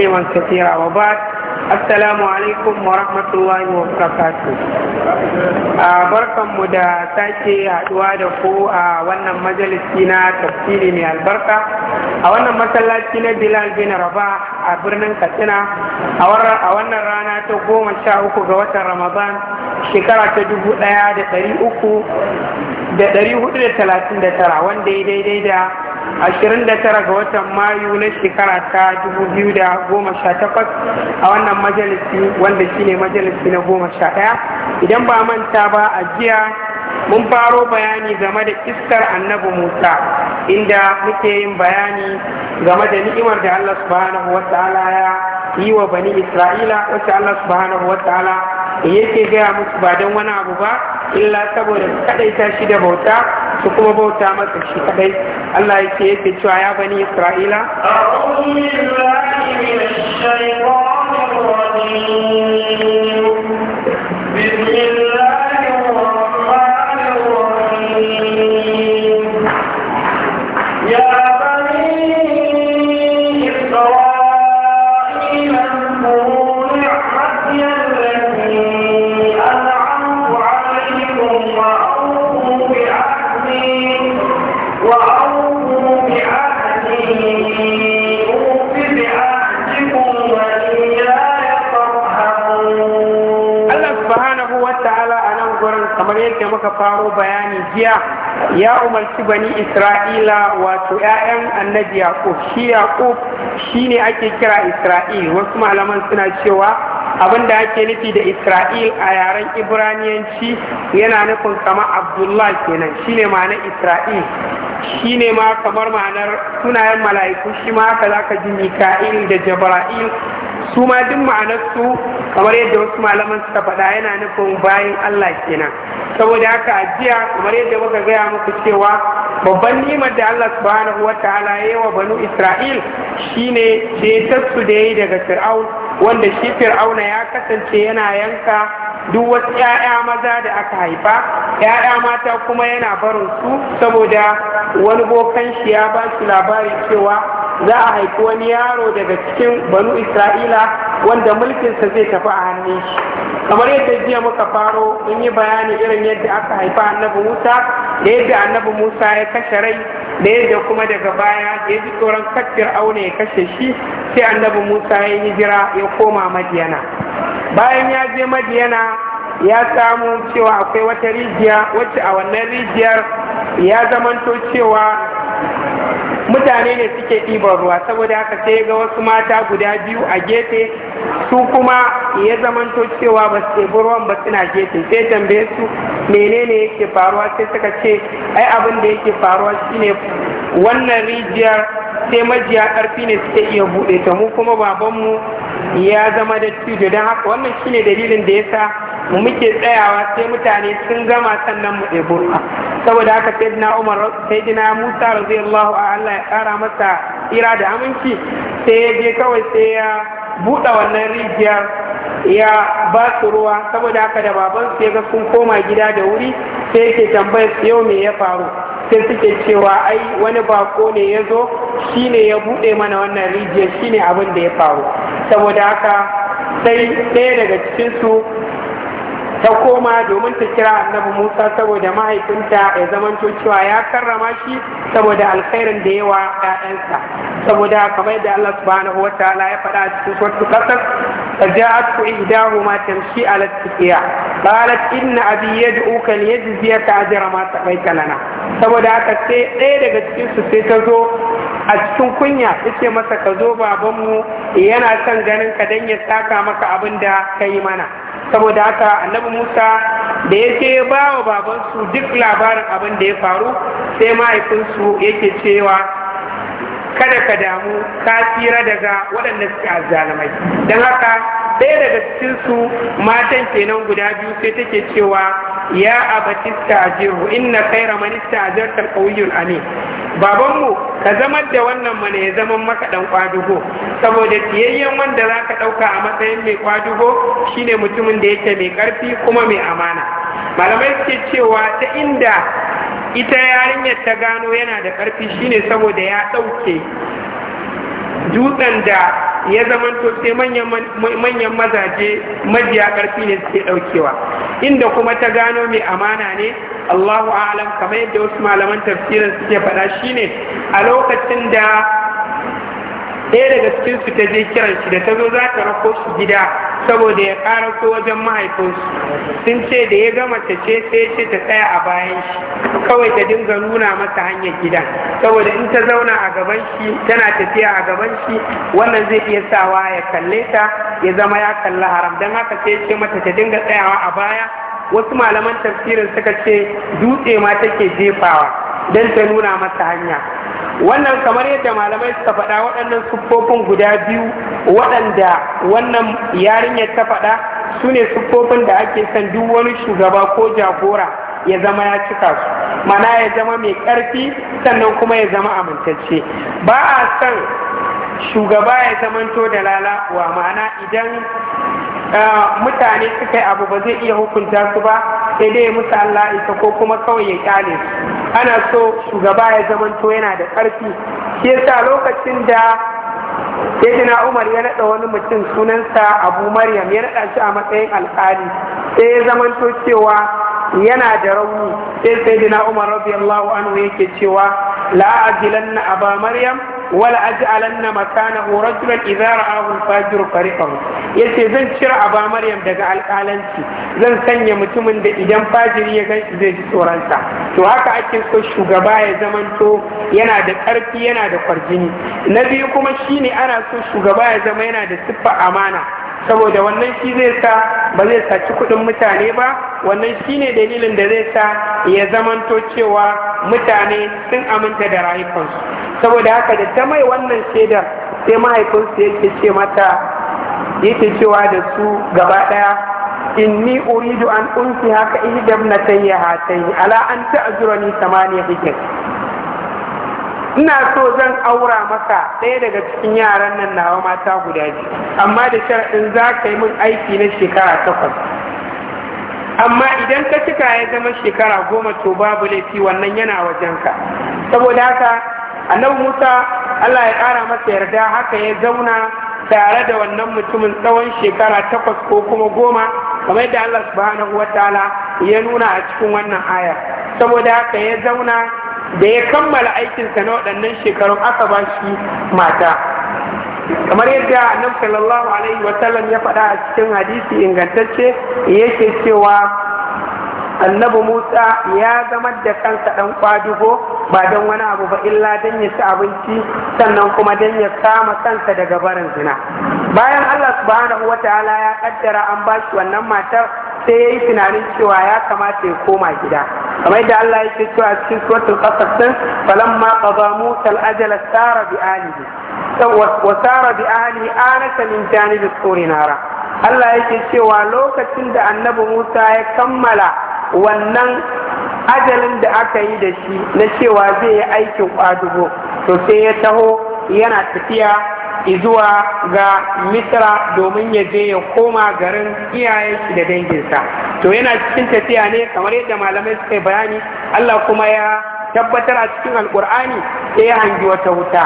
تسليما كثيرا وبعد السلام عليكم ورحمة الله وبركاته da مدى ساكي haɗuwa da ku a wannan majalisi na tafsiri mai albarka a wannan masallaci na bilal bin raba a birnin katsina a wannan rana ta goma sha uku ga watan ramadan shekara ta dubu ɗaya da ɗari uku da ɗari hudu da talatin da tara wanda ya daidai Ashirin da tara ga watan mayu na shekara ta dubu biyu da goma sha takwas a wannan majalisi wanda shine majalisi na goma sha ɗaya, idan ba manta ba a jiya mun faro bayani game da iskar annabi musa inda muke yin bayani game da ni'imar da allah subhanahu wa ta'ala ya yi wa bani isra'ila wacce allah subhanahu wa ta'ala yake gaya musu ba don wani abu ba illa saboda su ta shi da bauta su kuma bauta masa shi kadai allah yake yake cewa ya bani isra'ila faro bayani jiya ya umarci bani isra'ila wato 'ya'yan annabi yaqub shi yaqub ne ake kira isra'il wasu malaman suna cewa abin da ake nufi da isra'il a yaren ibraniyanci yana nufin kama abdullah kenan shine ma'anar isra'il shine ma kamar ma'anar sunayen mala'iku shi ma haka zaka ji mika'il da jabra'il su ma duk ma'anarsu kamar yadda wasu malaman suka faɗa yana nufin bayan Allah kenan saboda haka ajiya kamar yadda muka gaya muku cewa babban nimar da Allah subhanahu wa ta'ala ya wa banu Isra'il shine su da yayi daga Fir'aun wanda shi Fir'auna ya kasance yana yanka duk wasu ‘ya'ya maza da aka haifa, ‘ya'ya mata kuma yana barin su saboda wani bokan shi ya ba su labari cewa za a haifi wani yaro daga cikin banu isra'ila wanda mulkinsa zai tafi a hannun shi kamar yadda jiya muka faro mun yi bayani irin yadda aka haifa annabi musa da yadda annabi musa ya kashe rai da yadda kuma daga baya ya ji tsoron kafir auna ya kashe shi sai annabi musa ya yi jira ya koma madiyana bayan ya je madiyana ya samu cewa akwai wata rijiya wacce a wannan rijiyar ya zamanto cewa mutane ne suke ɗiban ruwa saboda haka sai ga wasu mata guda biyu a gefe su kuma ya zamanto cewa ba su ɗebi ruwan ba suna gefe sai tambaye su menene yake faruwa sai suka ce ai abin da yake faruwa shine wannan rijiyar sai majiya ƙarfi ne suke iya buɗe ta mu kuma babanmu ya zama da cijo don haka wannan shine dalilin da yasa mu muke tsayawa sai mutane sun gama sannan mu ɗebo saboda haka dina Umar dina Musa radiyallahu a Allah ya kara masa ira da aminci sai ya je kawai sai ya buɗe wannan rijiyar ya ba su ruwa saboda haka da baban su ya ga sun koma gida da wuri sai yake tambayar yau me ya faru sai suke cewa ai wani bako ne ya zo shi ne ya buɗe mana wannan rijiyar shi ne abin da ya faru saboda haka sai ɗaya daga cikinsu ta koma domin ta kira annabi musa saboda mahaifinta ya zamanto cewa ya karrama shi saboda alkhairin da yawa ƴaƴansa saboda kamar da allah subhanahu wataala ya faɗa a cikin suratul qasas فجاءت إحداهما تمشي inna اتكيا قالت إن أبي يدعوك ليجزيك ajra ma سقيت lana saboda haka sai ɗaya daga cikinsu sai ta zo a cikin kunya yace masa ka zo babanmu yana son ganin ka dan ya saka maka abin da ka yi mana saboda haka annabi musa da ya ce ba wa babansu duk labarin abin da ya faru sai mahaifinsu yake cewa kada ka damu ka tsira daga waɗanda suke azalamai. don haka ɗaya daga cikinsu matan kenan guda biyu sai take cewa ya abati stajiru inna khaira man istajarta qawiyyun amin babanmu ka zamar da wannan mana ya zama maka dan kwadugo saboda tiyayyen wanda zaka dauka a matsayin mai kwadugo shine mutumin da yake mai karfi kuma mai amana malamai suke cewa ta inda ita yarinyar ta gano yana da karfi shine saboda ya dauke dutsen da ya zamanto sai manyan mazaje majiya karfi ne suke ɗaukewa inda kuma ta gano mai amana ne Allahu a'lam kamar yadda wasu malaman tafsirin suke faɗa shine a lokacin da ɗaya daga cikin su ta je kiran shi da ta zo za ta rako shi gida saboda ya ƙara ko wajen mahaifinsu sun ce da ya gama ta ce sai ce ta tsaya a bayan shi kawai ta dinga nuna masa hanyar gidan saboda in ta zauna a gaban shi tana tafiya a gaban shi wannan zai iya sawa ya kalle ta ya zama ya kalli haram don haka sai ce mata ta dinga tsayawa a baya wasu malaman tafsirin suka ce dutse ma take jefawa don ta nuna masa hanya wannan kamar yadda malamai suka faɗa waɗannan siffofin guda biyu waɗanda wannan yarinyar ta faɗa su ne siffofin da ake son duk wani shugaba ko jagora ya zama ya cika su mana ya zama mai ƙarfi sannan kuma ya zama amintacce ba a son shugaba ya zamanto da lalawa ma'ana idan Ah, mutane suka yi abu ba zai iya hukunta su ba sai dai musu Allah isa ko kuma kawai ya kyale su ana so shugaba ya zamanto yana da ƙarfi shi yasa lokacin da sayyidina umar ya naɗa wani mutum sunansa abu maryam ya naɗa shi a matsayin alƙali sai ya zamanto cewa yana da rauni sai sayyidina umar radiyallahu anhu yake cewa la ajilanna aba maryam wala aj'alanna makana rajulan idza izara ahun fajiru ya yace zan cire aba maryam daga alkalanci zan sanya mutumin da idan fajiri ya gan zai ji tsoronsa to haka ake so shugaba ya zamanto yana da ƙarfi yana da kwarjini na biyu kuma shine ana so shugaba ya zama yana da siffa amana saboda wannan shi zai sa ba zai saci kuɗin mutane ba wannan shi ne dalilin da zai sa ya zamanto cewa mutane sun aminta da rayukansu saboda haka da ta mai wannan shaidar sai mahaifinsu yake ce mata yake cewa da su gaba ɗaya inni uridu an unsi haka ihdabna hatayi ala an azurani samaniya hikam ina so zan aura maka ɗaya daga cikin yaran nan nawa mata guda biyu amma da sharaɗin za ka yi min aiki na shekara takwas amma idan ka cika ya zama shekara goma to babu laifi wannan yana wajenka saboda haka annabi musa allah ya ƙara masa yarda haka ya zauna tare da wannan mutumin tsawon shekara takwas ko kuma goma kamar da allah subhanahu wa ta'ala ya nuna a cikin wannan aya saboda haka ya zauna da ya kammala aikinsa na waɗannan shekarun aka ba shi mata kamar yadda annabi sallallahu alaihi wasallam ya faɗa a cikin hadisi ingantacce yake cewa annabi musa ya zama da kansa dan kwadugo ba don wani abu ba illa dan ya ci abinci sannan kuma dan ya kama kansa daga barin zina bayan allah subhanahu wa ta'ala ya kaddara an bashi wannan matar sai ya yi tunanin cewa ya kamata ya koma gida kamar da Allah yake cewa cikin suratul qasas falan falamma qada musa al-ajala sara bi alihi wa sara bi alihi anaka min janibi nara Allah yake cewa lokacin da annabi Musa ya kammala wannan ajalin da aka yi da shi na cewa zai yi aikin kwadugo to sai ya taho yana tafiya zuwa ga misra domin ya je ya koma garin iyayen shi da danginsa to yana cikin tafiya ne kamar yadda malamai suka yi bayani allah kuma ya tabbatar a cikin alkur'ani sai ya hangi wata wuta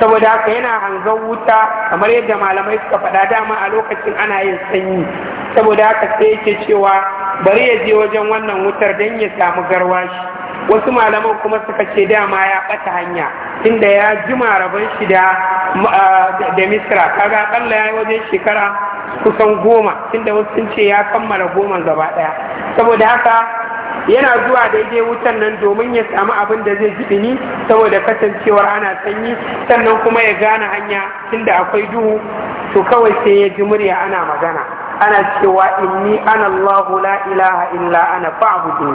saboda haka yana hangar wuta kamar yadda malamai suka faɗa dama a lokacin ana yin sanyi saboda haka sai yake cewa bari ya je wajen wannan wutar don ya samu garwashi wasu malaman kuma suka ce dama ya ɓata hanya inda ya jima rabon shi da da misra kaga akalla ya yi wajen shekara kusan goma inda wasu sun ce ya kammala goma gaba ɗaya saboda haka yana zuwa daidai wutan nan domin ya samu abin da zai ni saboda kasancewar ana sanyi sannan kuma ya gane hanya tunda akwai duhu to kawai sai ya ji murya ana magana ana cewa inni ana Allahu la ilaha illa ana fa'budu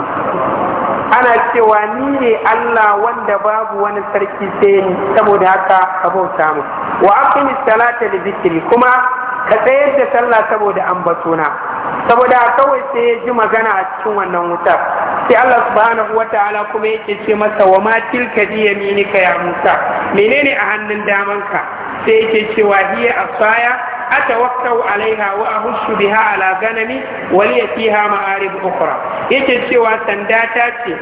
ana cewa ni ne Allah wanda babu wani sarki sai ni saboda haka ka bauta mu wa aqimi salata li dhikri kuma ka tsayar da sallah saboda ambatona saboda kawai sai ya ji magana a cikin wannan wutar sai Allah subhanahu ta'ala kuma yake ce masa wa ma tilka bi yaminika ya Musa menene a hannun ka? sai yake cewa hiya asaya atawakkau alaiha wa ahushu biha ala ganami wa liya fiha ma'arib ukhra yake cewa sanda ta ce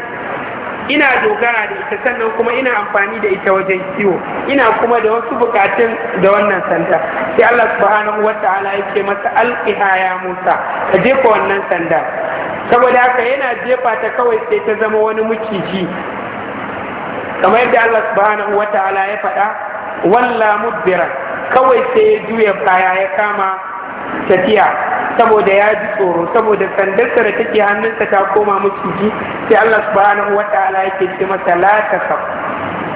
ina dogara da ita sannan kuma ina amfani da ita wajen kiwo ina kuma da wasu bukatun da wannan sanda sai Allah subhanahu wata'ala yake masa alqiha ya Musa ka jefa wannan sanda saboda haka yana jefa ta kawai sai ta zama wani miciji kamar yadda Allah subhanahu wata'ala ya faɗa walla mudbira kawai sai ya juya baya ya kama tafiya saboda ya ji tsoro saboda sandarsa da take hannunsa ta koma maciji sai Allah subhanahu wa ta'ala yake ce masa la takaf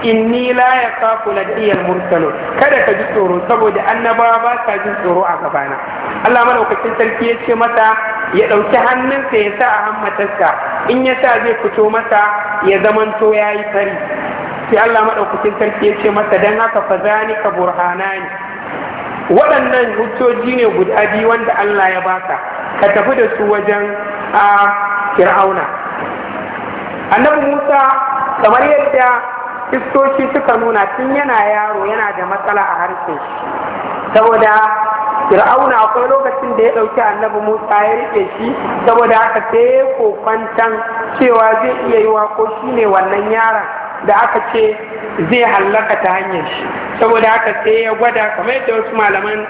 inni la yaqafu ladiyal mursalun kada ka ji tsoro saboda annabawa ba sa jin tsoro a gabana Allah madaukakin sarki ya ce masa ya ɗauki hannunsa ya sa a hammatarsa in ya sa zai fito masa ya zamanto ya yi fari sai Allah madaukakin sarki ya ce masa dan haka fa zani ka burhanani waɗannan hujjoji ne guda biyu wanda Allah ya baka ka tafi da su wajen a fir'auna annabi Musa kamar yadda istoci suka nuna tun yana yaro yana da matsala a harshe. saboda fir'auna akwai lokacin da ya ɗauki annabi Musa ya riƙe shi saboda aka sai kokwantan cewa zai iya yi ko shi ne wannan yaron da aka ce zai hallaka ta hanyar shi saboda aka sai ya gwada kamar yadda wasu malaman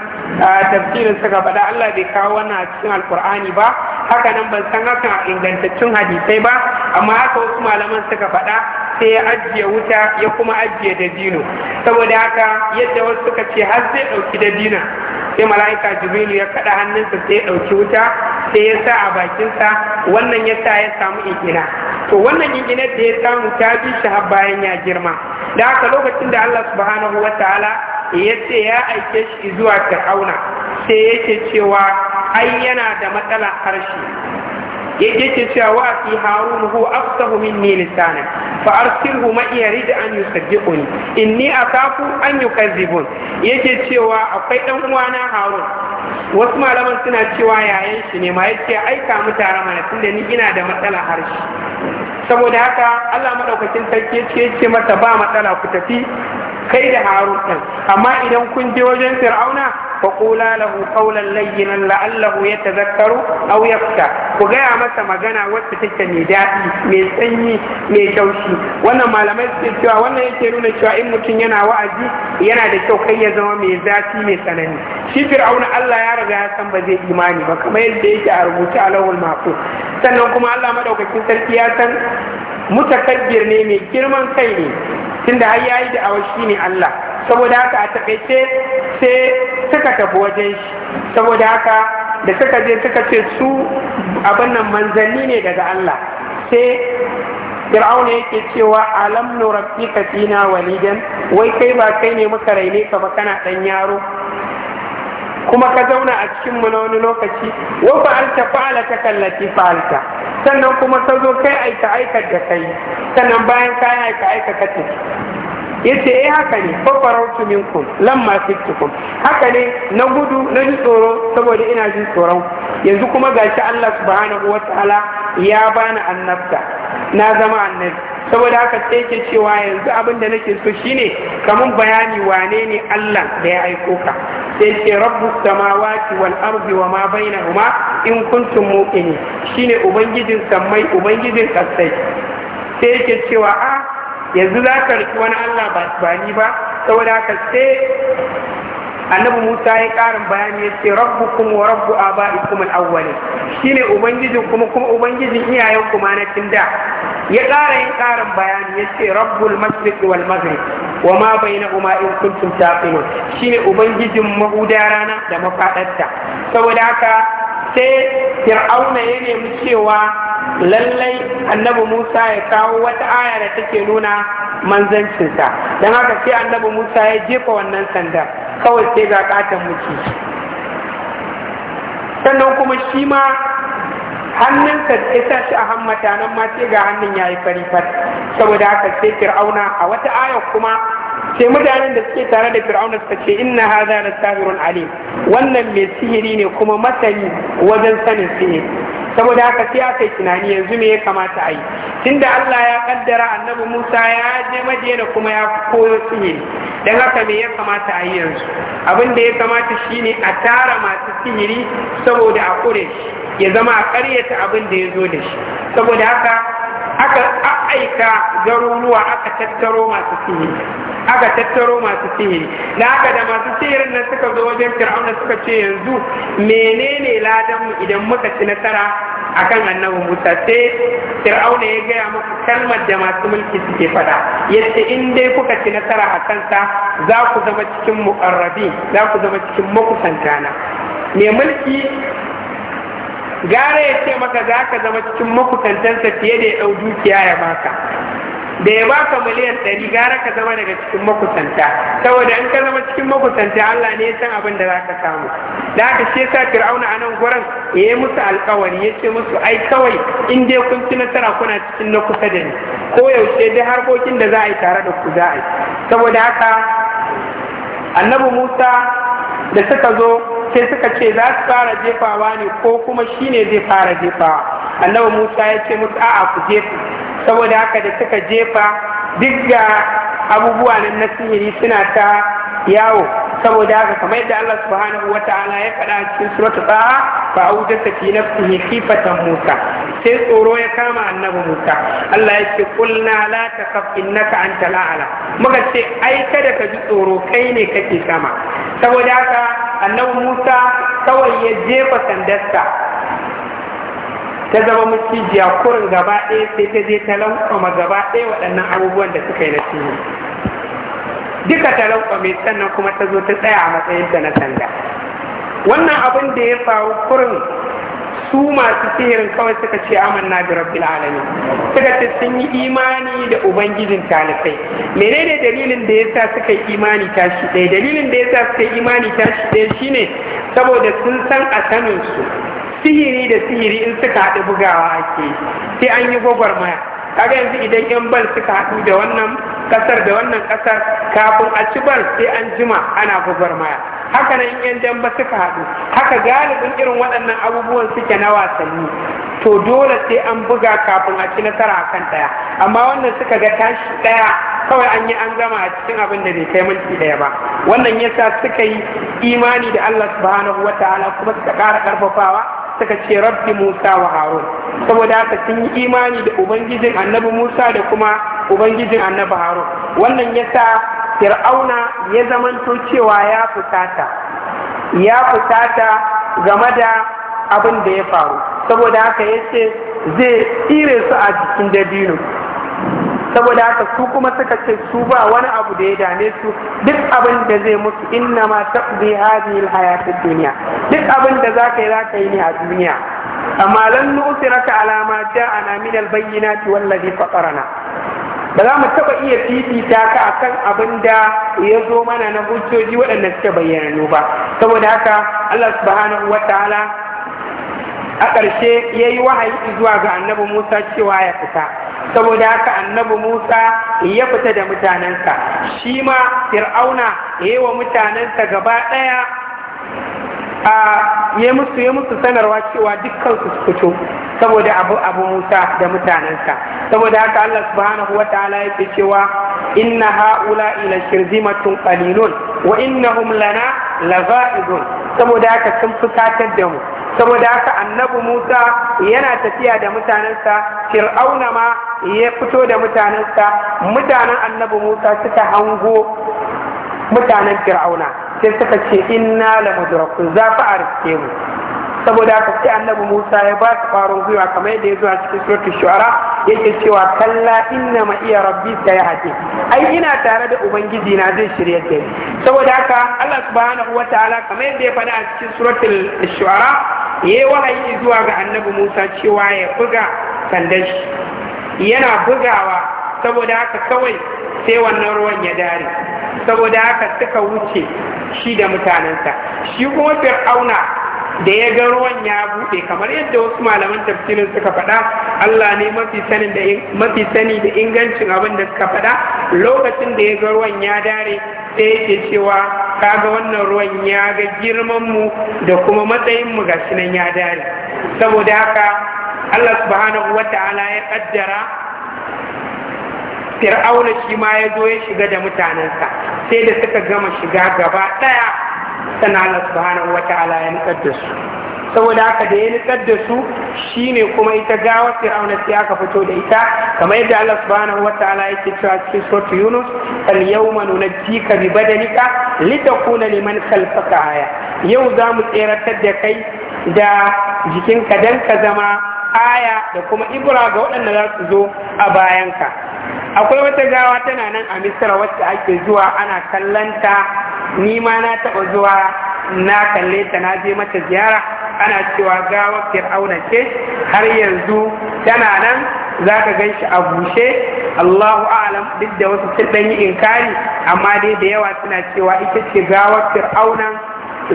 tafsirin suka faɗa Allah bai kawo wannan a cikin alkur'ani ba haka nan ban san hakan a ingantaccen hadisai ba amma haka wasu malaman suka faɗa sai ya ajiye wuta ya kuma ajiye dino saboda haka yadda wasu suka ce har zai ɗauki dina sai mala'ika jibrilu ya kaɗa hannunsa sai ya ɗauki wuta sai ya sa a bakinsa wannan ya sa ya samu ingina to wannan inginar da ya samu ta bi shi har bayan ya girma da haka lokacin da Allah subhanahu wa ta'ala yace ya aike shi zuwa fir'auna sai yake cewa ai yana da matsalar harshe yake cewa wa fi harun hu afsahu minni lisanan fa arsilhu ma yarid an yusaddiquni inni akafu an yukazzibun yake cewa akwai dan uwana harun wasu malaman suna cewa yayan shi ne ma ce aika mu tare mana tunda ni ina da matsala harshe saboda haka Allah madaukakin sarki ce masa ba matsala ku tafi kai da harun ɗin amma idan kun je wajen fir'auna fa qula lahu qawlan layyinan la'allahu yatadhakkaru aw yafta ku gaya masa magana wacce take mai daɗi mai sanyi mai taushi wannan malamai suke cewa wannan yake nuna cewa in mutum yana wa'azi yana da kyau kai ya zama mai zafi mai tsanani shi fir'auna Allah ya riga ya san ba zai imani ba kamar yadda yake a rubuce a lawul mahfuz sannan kuma Allah madaukakin sarki ya san mutakabbir ne mai girman kai ne tunda har yayi da awashi ne Allah saboda haka a takaice sai suka tafi wajen shi saboda haka da suka je suka ce su abin nan manzanni ne daga Allah sai fir'auna yake cewa alam nurabbika fina walidan wai kai ba kai ne muka raine ka ba kana dan yaro kuma ka zauna a cikin mu na wani lokaci wa fa'alta fa'alata kallati fa'alta sannan kuma ka zo kai aika aika da kai sannan bayan ka yi aika aika ka tafi yace eh haka ne fa farautu minkum lamma fitukum haka ne na gudu na ji tsoro saboda ina jin tsoron yanzu kuma gashi Allah subhanahu wataala ya bani annabta na zama annabi saboda haka sai ke cewa yanzu abin da nake so shine kamun bayani wane ne Allah da ya aiko ka sai ce rabbus samawati wal ardi wa ma bainahuma in kuntum muqinin shine ubangijin sammai ubangijin kasai sai ke cewa a ah, yanzu za ka riki wani Allah ba ni ba saboda haka sai annabi Musa ya karin bayani ya ce kuma wa rabbu kuma al shi ne ubangijin kuma kuma ubangijin iyayen kuma na da, ya kara yin karin bayani ya ce rabbul mashriq wal maghrib wa ma bainahuma in kuntum taqilun ne ubangijin mahudarana rana da mafadarta saboda haka sai fir'auna ya nemi cewa lallai annabi musa ya kawo wata aya da take nuna manzancinsa don haka sai annabi musa ya jefa wannan sanda kawai sai ga katon muke, sannan kuma shi ma hannunsa ya sa shi a hammata nan ma sai ga hannun ya yi fari fari saboda haka sai fir'auna a wata ayar kuma sai mutanen da suke tare da fir'auna suka ce inna hadha la sahirun alim wannan mai sihiri ne kuma masani wajen sanin sihiri saboda haka sai aka yi tunani yanzu me ya kamata a yi tunda Allah ya kaddara annabi Musa ya je Madina kuma ya koyo sihiri dan haka me ya kamata a yi yanzu abin da ya kamata shine a tara masu sihiri saboda a kure shi ya zama a karyata abin da ya zo da shi saboda haka aka aika garuruwa aka tattaro masu sihiri aka tattaro masu sihiri da haka da masu sihirin nan suka zo wajen fir'auna suka ce yanzu menene ladan mu idan muka ci nasara akan annabi Musa sai fir'auna ya gaya muku kalmar da masu mulki suke faɗa yace in dai kuka ci nasara a kansa za ku zama cikin muqarrabi za ku zama cikin makusantana mai mulki gara ya ce maka za ka zama cikin makusantansa fiye da ya ɗau dukiya ya baka da ya baka miliyan ɗari gara ka zama daga cikin makusanta saboda in ka zama cikin makusanta Allah ne ya san abin da za ka samu da haka shi yasa Fir'auna a nan gurin ya yi musu alkawari ya ce musu ai kawai in dai kun ci nasara kuna cikin na kusa da ni ko yaushe dai harkokin da za a yi tare da ku za a yi saboda haka annabi Musa da suka zo sai suka ce za su fara jefawa ne ko kuma shi ne zai fara jefawa annabi musa ya ce musu a'a ku jefa saboda haka da suka jefa duk ga abubuwa na sihiri suna ta yawo saboda haka kamar yadda Allah subhanahu wa ta'ala ya faɗa a cikin suratul taha fa awjasa fi nafsihi khifatan Musa sai tsoro ya kama annabi Musa Allah ya ce qulna la takaf innaka antal a'la muka ce ai kada ka ji tsoro kai ne kake sama saboda haka annabi Musa kawai ya jefa sandarsa ta zama mutijiya kurin gaba ɗaya sai ta je ta lankwama gaba ɗaya waɗannan abubuwan da suka yi na duka ta mai sannan kuma ta zo ta tsaya a matsayin da na sanda wannan abin da ya faru kurin su masu sihirin kawai suka ce amanna da rabbi alamin suka ce sun yi imani da ubangijin talibai menene dalilin da yasa suka yi imani tashi ɗaya dalilin da yasa suka yi imani tashi ɗaya shine saboda sun san a sanin su sihiri da sihiri in suka haɗu bugawa ake sai an yi gwagwarmaya kaga yanzu idan yan bal suka haɗu da wannan kasar da wannan kasar kafin a ci bal sai an jima ana gwagwarmaya haka nan in 'yan dambe suka haɗu haka galibin irin waɗannan abubuwan suke na wasanni to dole sai an buga kafin a ci nasara a kan ɗaya amma wannan suka ga tashi ɗaya kawai an yi an gama a cikin abin da bai kai minti ɗaya ba wannan yasa suka yi imani da Allah subhanahu wa ta'ala kuma suka ƙara ƙarfafawa suka ce rabbi musa wa harun saboda haka sun yi imani da ubangijin annabi musa da kuma ubangijin annabi harun wannan yasa fir'auna ya zamanto cewa ya fitata ya fusata game da abin da ya faru saboda haka ya ce zai tsire su a jikin dabino saboda haka su kuma suka ce su ba wani abu da ya dame su duk abin da zai musu inna ma taqdi hadhihi alhayatid dunya duk abin da zaka yi zaka yi ne a duniya amma lan nu'siraka ala ma ja'ana min albayyinati wallazi fatarana ba za mu taba iya fifita ka akan abin da ya zo mana na hujjoji waɗanda suke bayyana ba saboda haka Allah subhanahu wataala a ƙarshe ya yi wahayi zuwa ga annabi musa cewa ya fita saboda haka annabi musa ya fita da mutanensa shi ma fir'auna ya yi wa mutanensa gaba ɗaya a ya musu yi musu sanarwa cewa dukkan su fito saboda abu abu Musa da mutanensa saboda haka Allah subhanahu ta'ala yake cewa inna haula ila shirzimatun qalilun wa innahum lana laza'idun saboda haka sun fusatar da mu saboda haka annabi Musa yana tafiya da mutanensa Fir'auna ma ya fito da mutanensa mutanen annabi Musa suka hango mutanen Fir'auna sai suka ce inna la mudrakun za fa a riske mu saboda haka sai annabi Musa ya ba su farin gwiwa kamar yadda ya zo a cikin suratul shu'ara yake cewa kalla inna ma iya rabbi sayahati ai ina tare da ubangiji na zai shirye ta saboda haka Allah subhanahu wataala kamar yadda ya faɗa a cikin suratul shu'ara yayi wahayi zuwa ga annabi Musa cewa ya buga sandan shi yana bugawa saboda haka kawai sai wannan ruwan ya dare saboda haka suka wuce shi da mutanensa shi kuma fir'auna da ya ga ruwan ya buɗe kamar yadda wasu malaman tafsirin suka faɗa Allah ne mafi sani da mafi sani da ingancin abin da suka faɗa lokacin da ya ga ruwan ya dare sai yake cewa kaga wannan ruwan ya ga girman mu da kuma matsayin mu gashi nan ya dare saboda haka Allah subhanahu wata'ala ya kaddara fir'auna shi ma ya zo ya shiga da mutanensa sai da suka gama shiga gaba ɗaya sana Allah subhanahu wa ta'ala ya da su saboda haka da ya nutsar da su shine kuma ita gawa fir'auna sai aka fito da ita kamar yadda Allah subhanahu wa ta'ala yake cewa cikin suratul yunus al yawma nunajjika bi badanika litakuna liman khalfaka aya yau za mu tseratar da kai da jikinka dan ka zama aya da kuma ibra ga waɗanda za su zo a bayanka akwai wata gawa tana nan a misira wacce ake zuwa ana kallanta ni ma na taɓa zuwa na kalle ta na je mata ziyara ana cewa gawar fir'auna ce har yanzu tana nan za ka gan shi a bushe allahu alam duk da wasu sun ɗanyi inkari amma dai da yawa suna cewa ita ce gawar fir'aunan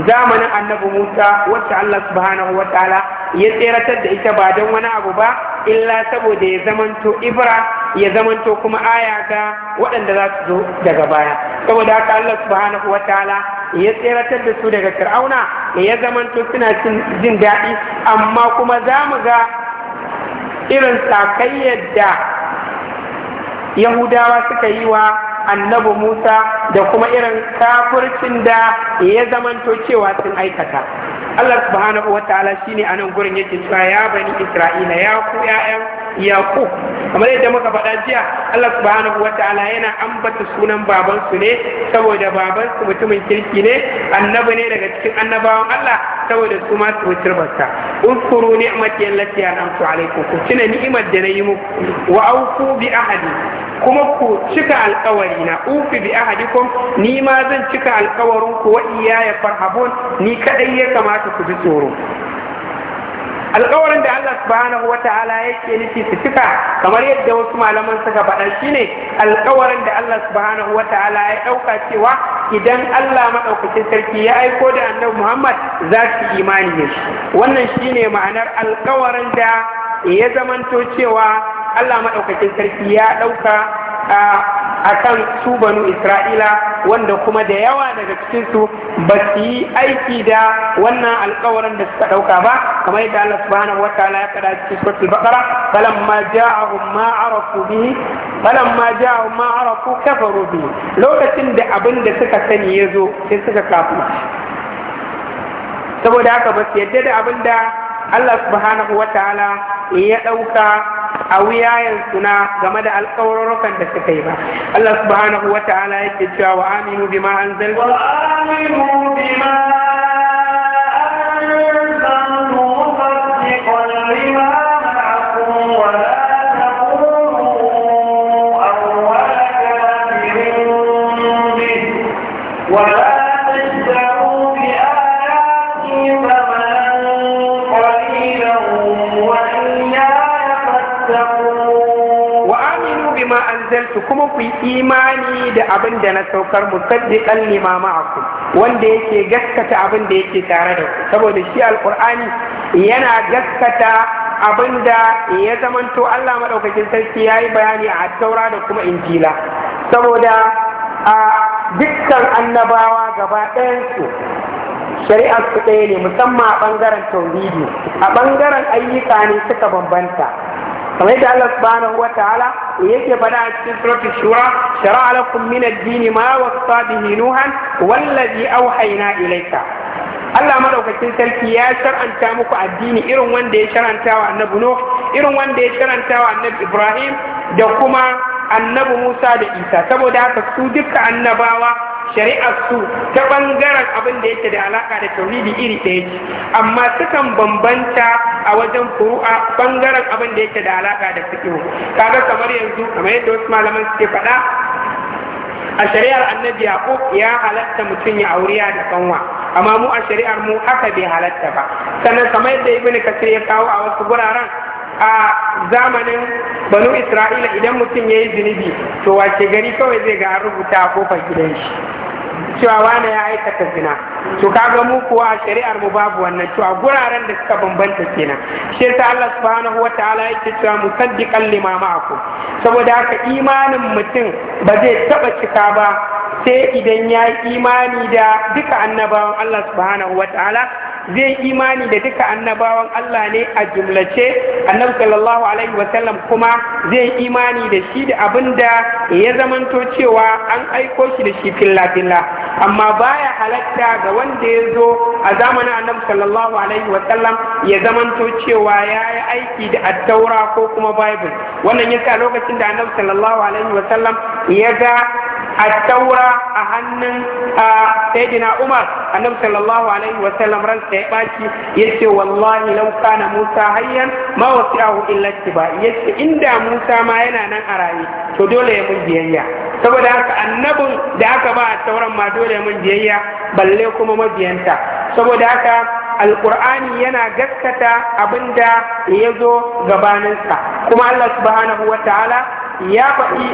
zamanin annabi Musa wacce Allah subhanahu wa ta'ala ya tseratar da ita ba don wani abu ba illa saboda ya zamanto ibra ya zamanto kuma aya ga waɗanda za su zo daga baya saboda haka Allah subhanahu wa ta'ala ya tseratar da su daga fir'auna ya zamanto suna jin daɗi amma kuma za mu ga irin sakayyar da yahudawa suka yi wa annabi Musa da kuma irin kafircin da ya zamanto cewa sun aikata Allah subhanahu wa ta'ala shine anan gurin yake cewa ya bani Isra'ila ya ku ya'yan Yaqub kamar yadda muka faɗa jiya Allah subhanahu wa ta'ala yana ambata sunan babansu ne saboda baban su mutumin kirki ne annabi ne daga cikin annabawan Allah saboda su ma su turbarsa uskuru ni'mati allati an'amtu alaykum ku tuna ni'imar da yi muku wa auku bi ahadi kuma ku cika alkawari na ufi bi ahadikum ni ma zan cika alkawarin ku wa ya farhabun ni kadai ya kamata ku ji tsoro alkawarin da Allah subhanahu wa ta'ala yake nufi su cika kamar yadda wasu malaman suka faɗa shine alkawarin da Allah subhanahu wa ta'ala ya ɗauka cewa idan Allah maɗaukacin sarki ya aiko da annabi Muhammad za su imani da shi wannan shine ma'anar alkawarin da ya zamanto cewa Allah maɗaukakin sarki ya ɗauka a kan su banu Isra'ila wanda kuma da yawa daga cikinsu ba su yi aiki da wannan alkawarin da suka ɗauka ba kamar yadda Allah subhanahu wa ta'ala ya faɗa cikin suratul baqara falamma ja'ahum ma arafu bihi falamma ja'ahum ma arafu kafaru lokacin da abin da suka sani ya zo sai suka kafu saboda haka ba su yadda da abin da Allah subhanahu wa ta'ala ya ɗauka a wuyayensu na game da alƙawarrukan da suka yi ba Allah subhanahu wa ta'ala yake cewa wa aminu bima anzalna wa aminu bima anzaltu kuma ku yi imani da abin da na saukar musaddiqan lima ku wanda yake gaskata abin da yake tare da ku saboda shi Alƙur'ani yana gaskata abin da ya zamanto Allah madaukakin sarki yayi bayani a taura da kuma injila saboda a dukkan annabawa gaba ɗayansu shari'ar su ɗaya ne musamman a ɓangaren tauhidi a ɓangaren ayyuka ne suka bambanta kamar yadda Allah subhanahu wa ta'ala yake faɗa a cikin suratul shura shara'a lakum min ad-dini ma wasa bihi nuhan wallazi awhayna ilayka Allah madaukakin sarki ya shar'anta muku addini irin wanda ya shar'anta wa annabi Nuh irin wanda ya shar'anta wa annabi Ibrahim da kuma annabi Musa da Isa saboda haka su duka annabawa shari'ar su ta bangaren abin da yake da alaka da tauhidi iri ɗaya ce amma sukan bambanta a wajen furu'a bangaren abin da yake da alaka da fiqh kaga kamar yanzu kamar yadda wasu malaman suke faɗa a shari'ar annabi yaqub ya halatta mutum ya auriya da kanwa amma mu a shari'ar mu haka bai halatta ba sannan kamar yadda ibnu kasir ya kawo a wasu guraren a zamanin banu isra'ila idan mutum ya yi zunubi to wace gari kawai zai ga rubuta a kofar gidan shi cewa wane ya aikata zina to kaga mu kuwa a shari'ar mu babu wannan cewa guraren da suka bambanta kenan shi ta Allah subhanahu ta'ala yake cewa musaddiqan lima ma'akum saboda haka imanin mutum ba zai taba cika ba sai idan ya yi imani da duka annabawan Allah subhanahu ta'ala? zai imani da duka annabawan Allah ne a jumlace annabi sallallahu alaihi wasallam kuma zai imani da shi da abin da ya zamanto cewa an aiko shi da shi filla filla amma baya halatta ga wanda ya zo a zamanin annabi sallallahu alaihi wasallam ya zamanto cewa ya yi aiki da Addaura ko kuma bible wannan yasa lokacin da annabi sallallahu alaihi wasallam ya ga attaura a hannun a Umar annabi salaahu alaihi wasalaam ransa ya baki yace wallahi lauka na Musa hanyar mawauti a huɗun latti ba ya inda Musa ma yana nan a rayu to dole ya mun jiyanya saboda haka annabin da aka ba a ma dole ya mun jiyanya balle kuma mabiyanta saboda haka al yana gaskata abinda da ya zo gabaninsa kuma Allah suba hana buwa ya faɗi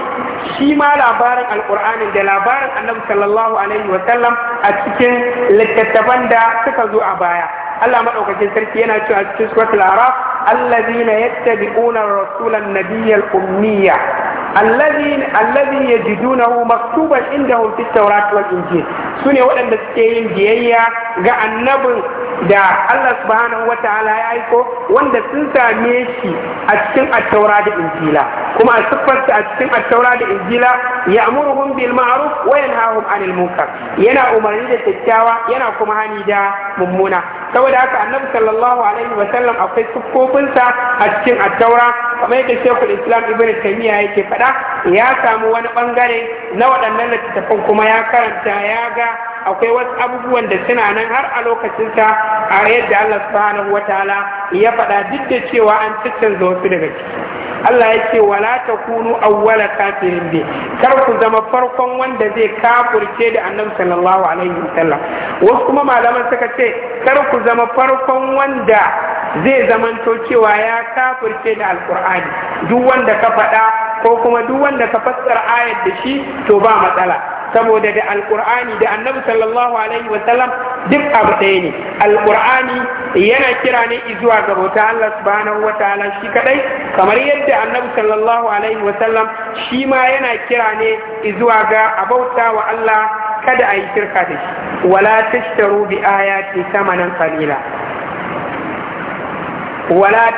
shi ma labarin alƙur'ani da labarin annabi sallallahu alaihi sallam a cikin littattafan da suka zo a baya Allah maɗaukacin sarki yana cewa cikin suratul al'araf allazina yattabi'una rasulan nabiyyal ummiya allazina allazi yajidunahu maktuban indahum fit tawrat wal injil sune waɗanda suke yin biyayya ga annabin da Allah subhanahu wataala ya aiko wanda sun same shi a cikin at-taurat da injila kuma a siffarsa a cikin attaura da injila ya amuruhum bil ma'ruf wa yanhahum anil munkar yana umarni da kyakkyawa yana kuma hani da mummuna saboda haka annabi sallallahu alaihi wa sallam akwai siffofinsa a cikin attaura kamar yadda shekul islam ibnu taymiya yake faɗa ya samu wani bangare na waɗannan littattafan kuma ya karanta ya ga akwai wasu abubuwan da suna nan har a lokacinsa a yadda Allah subhanahu wataala ya faɗa duk da cewa an ciccanza wasu daga ciki Allah ya ce wala takunu awwala kafirin bi kar ku zama farkon wanda zai kafirce da annabi sallallahu alaihi wasallam wasu kuma malaman suka ce kar ku zama farkon wanda zai zamanto cewa ya kafirce da alqur'ani duk wanda ka faɗa ko kuma duk wanda ka fassara ayat da shi to ba matsala saboda da alkur'ani da annabi sallallahu alaihi wasallam duk abu ɗaya ne alkur'ani yana kira ne zuwa ga bauta Allah subhanahu wa ta'ala shi kadai kamar yadda annabi sallallahu alaihi wasallam shi ma yana kira ne zuwa ga abauta wa Allah kada a yi shirka da shi wala tashtaru bi ayati samanan qalila wala ya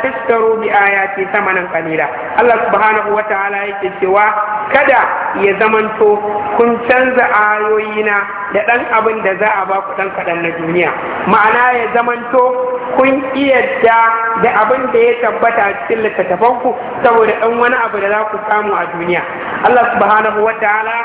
bi ayati samanan qalila Allah subhanahu wa ta'ala yake cewa kada ya zamanto kun canza ayoyina da dan abin da za a ba ku dan kadan na duniya ma'ana ya zamanto kun iyadda da abin da ya tabbata cikin littattafanku saboda dan wani abu da za ku samu a duniya Allah subhanahu wa ta'ala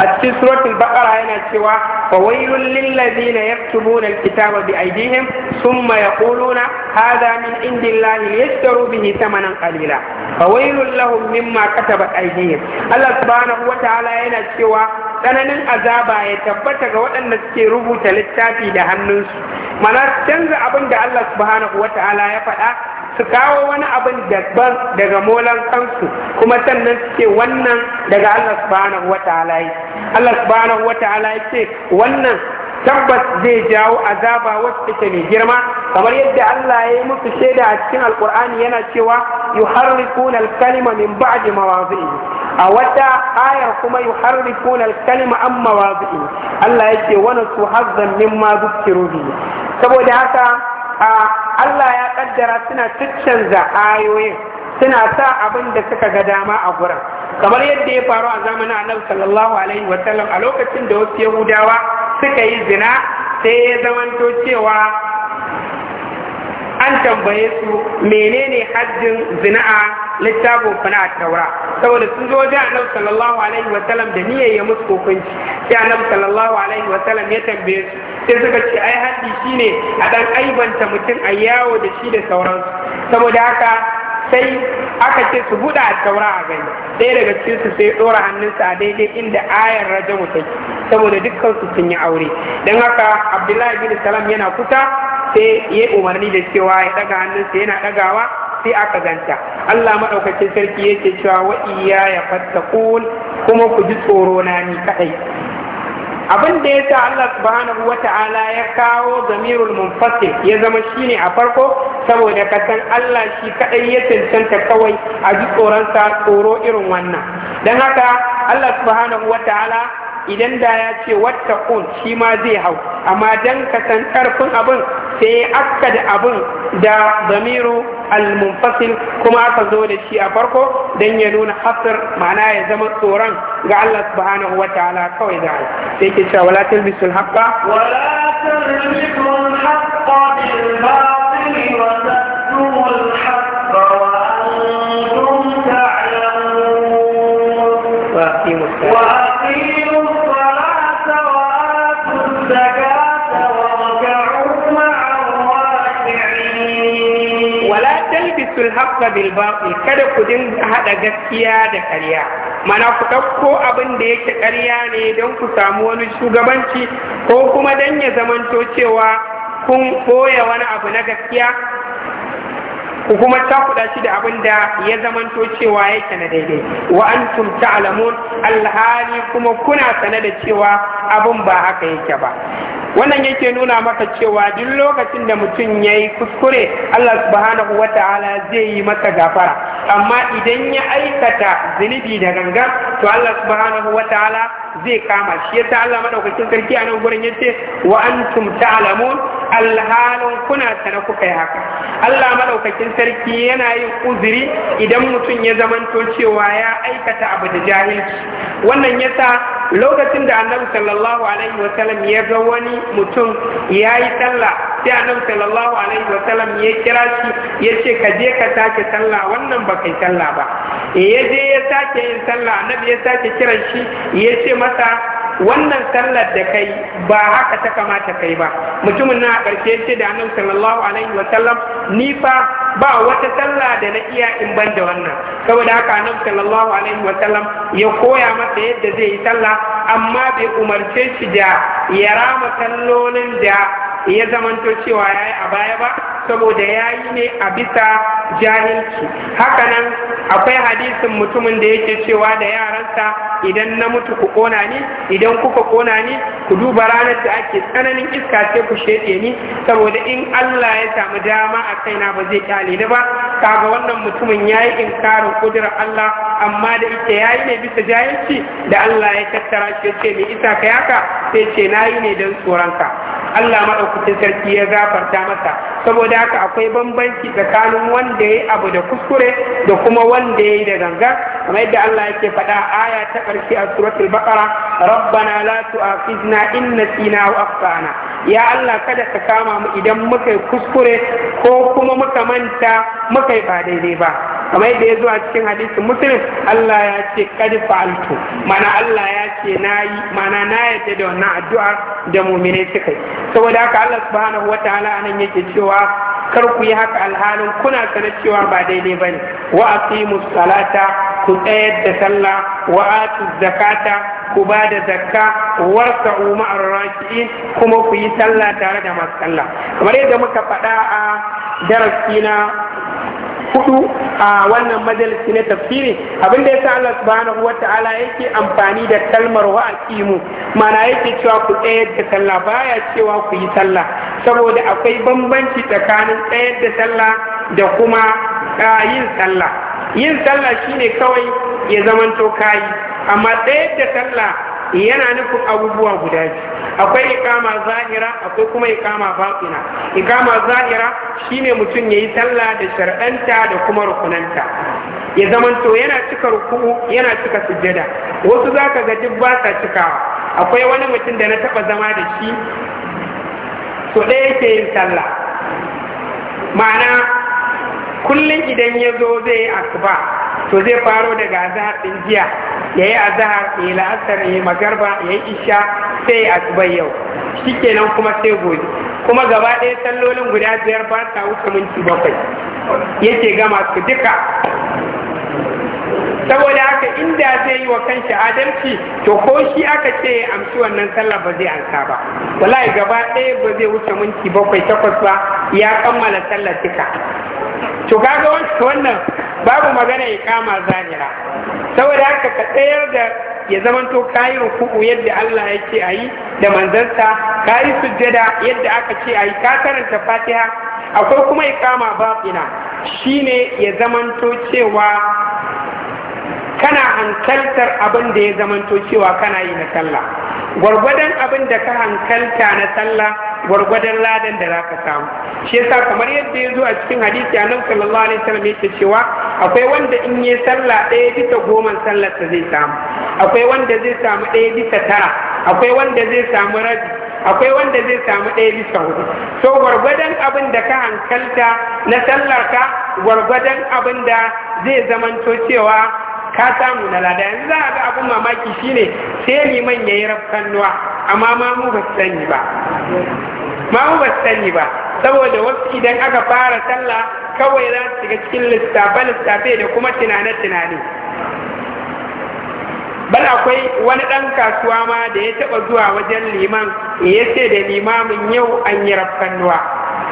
a cikin suratul baqara yana cewa fa wailul lil ladina yaktubuna alkitaba bi aydihim thumma yaquluna hadha min indillahi yashtaru bihi thamanan qalila fa wailul lahum mimma katabat aydihim Allah subhanahu wa ta'ala yana cewa tsananin azaba ya tabbata ga waɗanda suke rubuta littafi da hannunsu mana canza abin da Allah subhanahu wa ta'ala ya faɗa su kawo wani abin daban daga molan kansu kuma sannan su ce wannan daga Allah subhanahu wa ta'ala yi Allah subhanahu wa ta'ala ya ce wannan tabbas zai jawo azaba wacce take mai girma kamar yadda Allah ya yi musu shaida a cikin alkur'ani yana cewa yuharrifuna al-kalima min ba'di mawazi'i a wata ayar kuma yi harrifun kalima an mawazi'i Allah ya ce wani su hazzan mimma zukiru biyu saboda haka a Allah ya kaddara suna ciccanza ayoyin suna sa abin da suka ga dama a gurin kamar yadda ya faru a zamanin annabi sallallahu alaihi wa sallam a lokacin da wasu yahudawa suka yi zina sai ya zamanto cewa an tambaye su menene haddin zina'a littafin fana taura saboda sun zo wajen annabi sallallahu alaihi wa sallam da niyyar ya musu hukunci sai annabi sallallahu alaihi wa sallam ya tambaye su sai suka ce ai haddi shine a dan aibanta mutum a yawo da shi da sauransu saboda haka sai aka ce su buɗe a taura a gani ɗaya daga cikin su sai ɗora hannunsa a daidai inda ayar mu take saboda dukkan su sun yi aure don haka abdullahi bin salam yana kuta, sai ya yi umarni da cewa ya ɗaga hannunsa yana ɗagawa sai aka ganta Allah maɗaukacin sarki yake cewa wa iya ya fattakun kuma ku ji tsoro na ni kaɗai abin da ya sa Allah subhanahu wa ta'ala ya kawo zamirul munfasil ya zama shine a farko saboda ka san Allah shi kaɗai ya cancanta kawai a ji tsoronsa tsoro irin wannan don haka Allah subhanahu wa ta'ala idan da ya ce wata kun shi ma zai hau amma dan ka san karfin abin sai aka da abin da zamiru al-munfasil kuma aka zo da shi a farko dan ya nuna hasr ma'ana ya zama tsoron ga Allah subhanahu wataala kawai da sai ke cewa wala talbisul haqqa wala talbisul haqqa bil batil wa tadumul haqqa wa antum ta'lamun wa aqimus talbisul haqqa bil batil kada ku dinga hada gaskiya da ƙarya mana ku ɗauko abin da yake ƙarya ne don ku samu wani shugabanci ko kuma don ya zamanto cewa kun koya wani abu na gaskiya ku kuma ta kuɗa shi da abin da ya zamanto cewa yake na daidai wa antum ta'lamun alhali kuma kuna sane da cewa abin ba haka yake ba wannan yake nuna maka cewa duk lokacin da mutum ya yi kuskure Allah subhanahu wa ta'ala zai yi masa gafara amma idan ya aikata zunubi da gangan to Allah subhanahu wa ta'ala zai kama shi yasa Allah madaukakin sarki a nan gurin yace wa antum ta'lamun alhalin kuna sana kuka yi haka Allah madaukakin sarki yana yin uzuri idan mutum ya zamanto cewa ya aikata abu da jahilci wannan yasa lokacin da annabi sallallahu alaihi wasallam ya ga wani mutum ya yi sallah sai annabi sallallahu alaihi wasallam ya kira shi ya ce ka je ka sake sallah wannan ba kai sallah ba ya je ya sake yin sallah annabi ya sake kiran shi ya ce masa wannan sallar da kai ba haka ta kamata kai ba mutumin na ƙarshe ce da annabi sallallahu alaihi wa sallam ni fa ba wata sallah da na iya in ban da wannan saboda haka annabi sallallahu alaihi wa sallam ya koya masa yadda zai yi sallah amma bai umarce shi da ya rama sallolin da ya zamanto cewa ya yi a baya ba saboda ya yi ne a bisa jahilci hakanan akwai hadisin mutumin da yake cewa da yaransa idan na mutu ku kona ni idan kuka kona ni ku duba ranar da ake tsananin iska sai ku sheke ni saboda in Allah ya samu dama a kaina ba zai kyale ni ba kaga wannan mutumin ya yayi inkarin kudurar Allah amma da ita ya yi ne bisa jahilci da Allah ya tattara shi ce mai isa ka yaka, sai ce na yi ne don tsoronka. Allah Allah maɗaukacin sarki ya gafarta masa saboda haka akwai bambanci tsakanin wanda ya abu da kuskure da kuma wanda ya yi da ganga kamar yadda Allah yake faɗa aya ta ƙarshe a suratul baqara rabbana la tu'akhidna in nasina aw akhtana ya Allah kada ka kama mu idan muka yi kuskure ko kuma muka manta muka yi ba daidai ba kamar yadda ya zo a cikin hadisin muslim Allah ya ce kadi fa'altu mana Allah ya ce na yi, mana na yadda da wannan addu'a da mu'mine suka yi saboda haka Allah subhanahu ta'ala anan yake cewa kar ku yi haka alhalin kuna sanar cewa ba daidai bane wa aqimus salata ku tsayar da sallah wa zakata ku ba da zakka warka'u ma'ar raki'in kuma ku yi sallah tare da masu sallah kamar yadda muka faɗa a darasi na hudu a wannan majalisi na tafsiri abin da yasa Allah subhanahu wata'ala yake amfani da kalmar wa aqimu mana yake cewa ku tsayar da sallah baya cewa ku yi sallah saboda akwai bambanci tsakanin tsayar da sallah da kuma yin sallah yin sallah shine kawai ya zamanto kayi amma tsayar da sallah yana nufin abubuwa guda biyu akwai ikama zahira akwai kuma ikama batina ikama zahira shine mutum yayi sallah da sharadanta da kuma rukunanta ya zamanto yana cika ruku'u yana cika sujjada wasu zaka ga duk ba sa cikawa akwai wani mutum da na taba zama da shi to ɗaya yake yin sallah ma'ana kullum idan ya zo zai yi asuba to zai faro daga azahar ɗin jiya ya yi azahar ya yi la'asar ya yi magarba ya yi isha sai ya asubai yau shi shikenan kuma sai gobe kuma gaba ɗaya sallolin guda biyar ba ta wuce minti bakwai yake gama su duka saboda haka inda zai yi wa kanshi adalci to ko shi aka ce ya amshi wannan sallah ba zai ansa ba wallahi gaba ɗaya ba zai wuce minti bakwai takwas ba ya kammala sallah duka to kaga wannan babu magana ya kama zahira saboda haka ka tsayar da ya zamanto kayi ruku'u yadda Allah ya ce ayi da manzansa kayi sujjada yadda aka ce ayi ka karanta Fatiha akwai kuma ikama batina shine ya zamanto cewa kana hankaltar abin da ya zamanto cewa kana yi na sallah gwargwadon abin da ka hankalta na sallah gwargwadon ladan da za ka samu shi yasa kamar yadda ya zo a cikin hadisi annabi sallallahu alaihi wasallam yake cewa akwai wanda in yi sallah ɗaya bisa sallar ta zai samu akwai wanda zai samu ɗaya bisa tara akwai wanda zai samu rabi akwai wanda zai samu ɗaya bisa hudu so gwargwadon abin da ka hankalta na sallarka gwargwadon abin da zai zamanto cewa ka samu na lada yanzu za a ga abin mamaki shine sai liman ya yi nuwa, amma mamu ba su sani ba mamu ba sani ba saboda wasu idan aka fara sallah kawai za su shiga cikin lissafe-lissafe da kuma tunane-tunane bal akwai wani ɗan kasuwa ma da ya taɓa zuwa wajen liman ya ce da limamin yau an yi rafkannuwa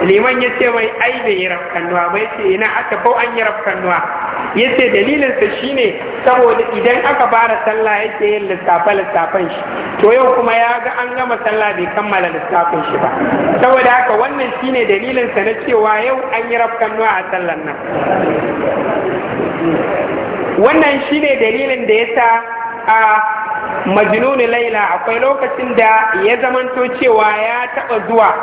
liman ya ce mai ai bai yi rafkannuwa ba ya ce ina aka bau an yi rafkannuwa ya ce dalilinsa shi ne saboda idan aka fara sallah yake yin lissafe lissafen shi to yau kuma ya ga an gama sallah bai kammala lissafin shi ba saboda haka wannan shine dalilinsa na cewa yau an yi rafkannuwa a sallan nan wannan shi ne dalilin da ya sa a majinuni laila akwai lokacin da ya zamanto cewa ya taɓa zuwa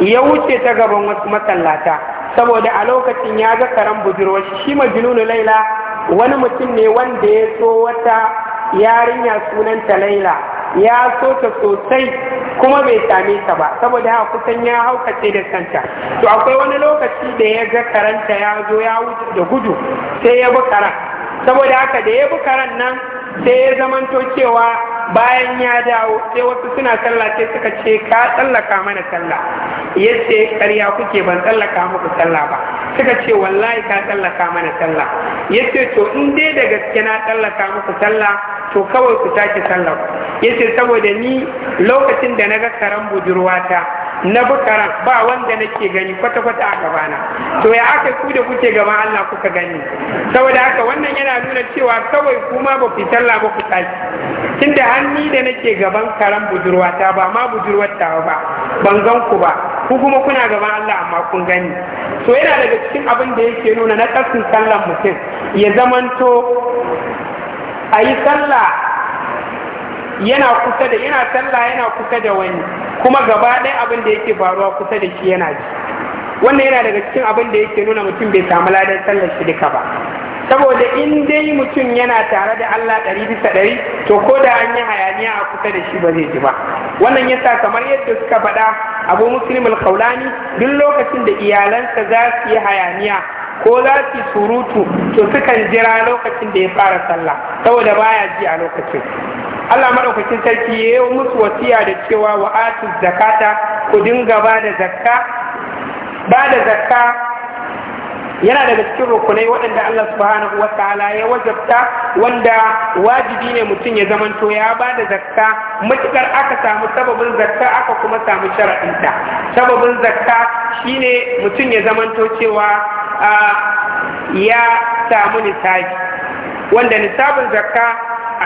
ya wuce ta gaban wasu masallata saboda a lokacin ya ga karen budurwar shi majinuni laila wani mutum ne wanda ya so wata yarinya sunanta laila ya so ta sosai kuma bai same ta ba saboda haka kusan ya haukace da kanta to akwai wani lokaci da ya ga karanta ya zo ya wuce da gudu sai ya bi karan saboda haka da ya bi karan nan sai ya zamanto cewa bayan ya dawo sai wasu suna sallah sai suka ce ka tsallaka mana sallah ya ce karya kuke ban tsallaka muku sallah ba suka ce wallahi ka tsallaka mana sallah ya ce to in dai da gaske na tsallaka muku sallah to kawai ku tashi sallah ya ce saboda ni lokacin da na ga karan budurwata na bukaran ba wanda nake gani kwata-kwata a gabana to ya aka ku da kuke gaba Allah kuka gani saboda haka wannan yana nuna cewa kawai kuma ba fitar sallah ba ku tashi tunda hanni da nake gaban karan budurwata ba ma budurwata ba ban gan ku ba ku kuma kuna gaban Allah amma kun gani to yana daga cikin abin da yake nuna na tsakin sallan mutum ya zamanto a yi sallah yana kusa da yana sallah yana kusa da wani kuma gaba ɗaya abin da yake faruwa kusa da shi yana ji wannan yana daga cikin abin da yake nuna mutum bai samu ladan sallar shi duka ba saboda in dai mutum yana tare da Allah ɗari bisa ɗari to ko da an yi hayaniya a kusa da shi ba zai ji ba wannan yasa kamar yadda suka faɗa abu muslim al-kaulani duk lokacin da iyalansa za su yi hayaniya ko za su surutu to sukan jira lokacin da ya fara sallah saboda baya ji a lokacin Allah maɗaukacin sarki ya yi musu wasiya da cewa wa atu zakata ku dinga ba da zakka ba da zakka yana daga cikin rukunai waɗanda Allah subhanahu wa ta'ala ya wajabta wanda wajibi ne mutum ya zamanto ya ba da zakka matukar aka samu sababin zakka aka kuma samu shara'inta sababin zakka shine mutum ya zamanto cewa ah, ya samu nisabi wanda nisabin zakka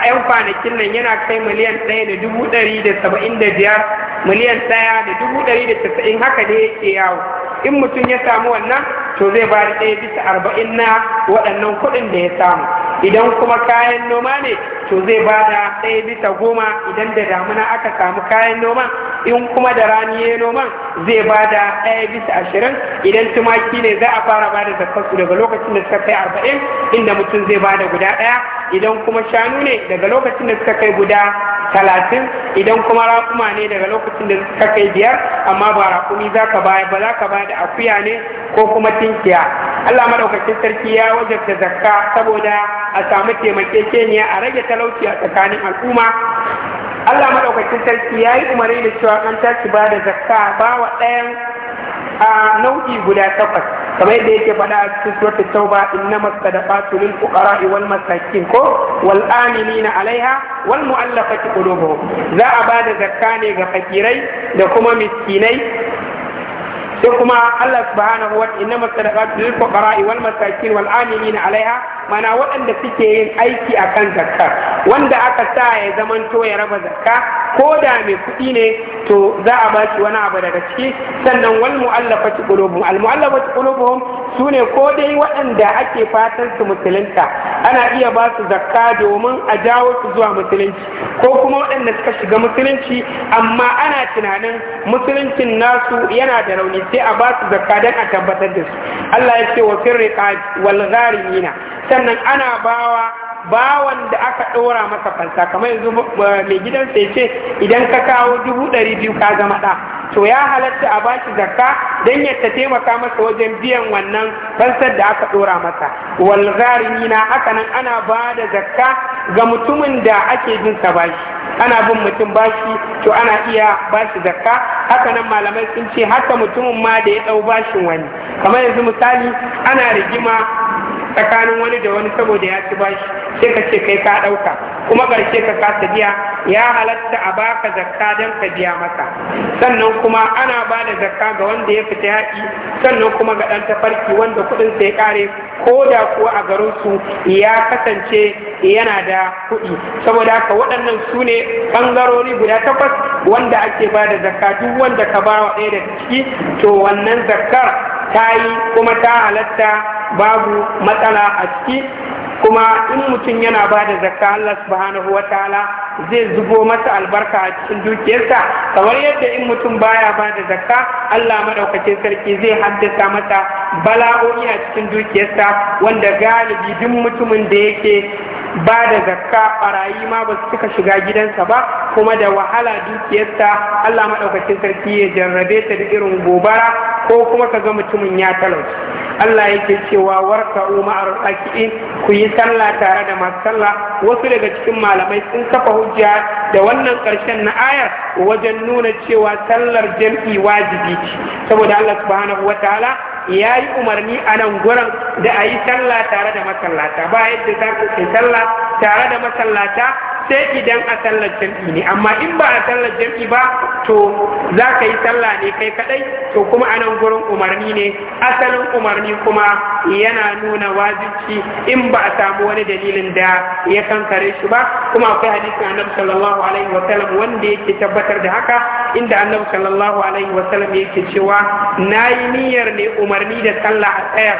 a 'yan kwanakin nan yana kai miliyan ɗaya da dubu ɗari da saba'in da biyar miliyan ɗaya da dubu ɗari da tasa'in haka ne yake yawo in mutum ya samu wannan to zai ba da ɗaya bisa arba'in na waɗannan kuɗin da ya samu idan kuma kayan noma ne to zai ba da ɗaya bisa goma idan da damuna aka samu kayan noma in kuma da rani ya noman zai ba da ɗaya bisa ashirin idan tumaki ne za a fara ba da zakarsu daga lokacin da suka kai arba'in inda mutum zai ba da guda ɗaya idan kuma shanu ne daga lokacin da suka kai guda talatin idan kuma raƙuma ne daga lokacin da suka kai biyar amma ba raƙumi za ka ba za ka ba da akuya ne ko kuma dukiya Allah madaukakin sarki ya wajabta zakka saboda a samu taimakekeniya a rage talauci a tsakanin al'umma Allah madaukakin sarki ya yi umarni da cewa an tashi ba da zakka ba wa ɗayan a nau'i guda takwas kamar yadda yake faɗa a cikin surat tauba inna masadaqatu lil fuqara wal masakin ko wal aminina alaiha wal mu'allafati qulubuhum za a ba da zakka ne ga fakirai da kuma miskinai sai kuma Allah subhanahu wa ta'ala innamas sadaqatu lil fuqara wal masakin wal amilin alaiha mana waɗanda suke yin aiki akan zakka wanda aka sa ya zamanto ya raba zakka ko da mai kuɗi ne to za a ba shi wani abu daga ciki sannan wal mu'allafati qulubuhum al mu'allafati qulubuhum sune ko dai waɗanda ake fatan su musulunta ana iya ba su zakka domin a jawo su zuwa musulunci ko kuma waɗanda suka shiga musulunci amma ana tunanin musuluncin nasu yana da rauni sai a ba su zakka dan a tabbatar da su Allah ya ce wa firriqat wal gharimina sannan ana bawa bawan da aka ɗora masa fansa kamar yanzu eh, mai gidan sai ce idan ka kawo dubu ɗari biyu ka zama ɗa to ya halatta a bashi zakka don ya ta taimaka masa wajen biyan wannan fansar da aka ɗora masa walgari na haka nan ana ba da zakka ga mutumin da ake bin sa bashi ana bin mutum bashi to ana iya bashi zakka haka nan malamai sun ce haka mutumin ma da ya ɗau bashin wani kamar yanzu misali ana rigima tsakanin wani da wani saboda ya ci bashi sai ka ce kai ka ɗauka kuma ƙarshe ka kasa biya ya halatta a baka zakka don ka biya maka, sannan kuma ana ba da zakka ga wanda ya fita yaƙi sannan kuma ga ɗan tafarki wanda kuɗin sai ƙare ko da kuwa a garinsu ya kasance yana da kuɗi saboda haka waɗannan su ne ɓangarori guda takwas wanda ake ba da zakka duk wanda ka ba wa ɗaya da ciki to wannan zakkar ta yi kuma ta halatta babu matsala a ciki kuma in mutum yana ba da zakka Allah subhanahu wa ta'ala zai zubo masa albarka a cikin dukiyarsa kamar yadda in mutum baya ba da zakka Allah madaukakin sarki zai haddasa masa bala'o'i a cikin dukiyarsa wanda galibi duk mutumin da yake ba da zakka barayi ma ba suka shiga gidansa ba kuma da wahala dukiyarsa Allah maɗaukacin sarki ya jarrabe ta da irin gobara ko kuma ka ga mutumin ya talauci Allah yake cewa warka umar aki'in ku yi sallah tare da masu sallah wasu daga cikin malamai sun kafa hujja da wannan ƙarshen na ayar wajen nuna cewa sallar jam'i wajibi ce saboda Allah subhanahu wataala ya yi umarni a nan gurin da a yi sallah tare da masallata ba yadda za ku ke sallah tare da masallata sai idan a sallar jam'i ne amma in ba a sallar jam'i ba to za ka yi sallah ne kai kadai to kuma a nan gurin umarni ne asalin umarni kuma yana nuna wajibci in ba a samu wani dalilin da ya kankare shi ba kuma akwai hadisin annabi sallallahu alaihi wa sallam wanda yake tabbatar da haka inda annabi sallallahu alaihi wa sallam yake cewa nayi niyyar ne umarni da sallah a tsaya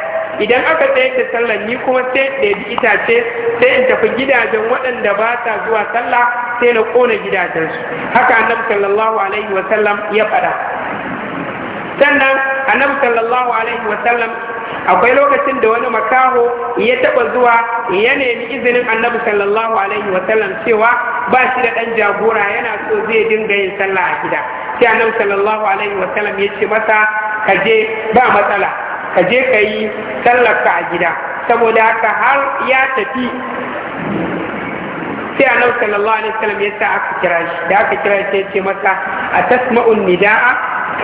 idan aka tsayar da sallar ni kuma sai da itace sai in tafi gidajen waɗanda ba sa zuwa wa sallah sai na kona gidajensu haka annabi sallallahu alaihi wa sallam ya fara sannan annabi sallallahu alaihi wa sallam akwai lokacin da wani makaho ya taba zuwa ya nemi izinin annabi sallallahu alaihi sallam cewa ba shi da ɗan jagora yana so zai dinga yin sallah a gida sai annabi sallallahu alaihi sallam ya ce masa ka je ba matsala ka je ka yi ka a gida saboda haka har ya tafi sai annabi sallallahu alaihi wasallam ya sa aka kira shi da aka kira shi ya ce masa atasma'un nida'a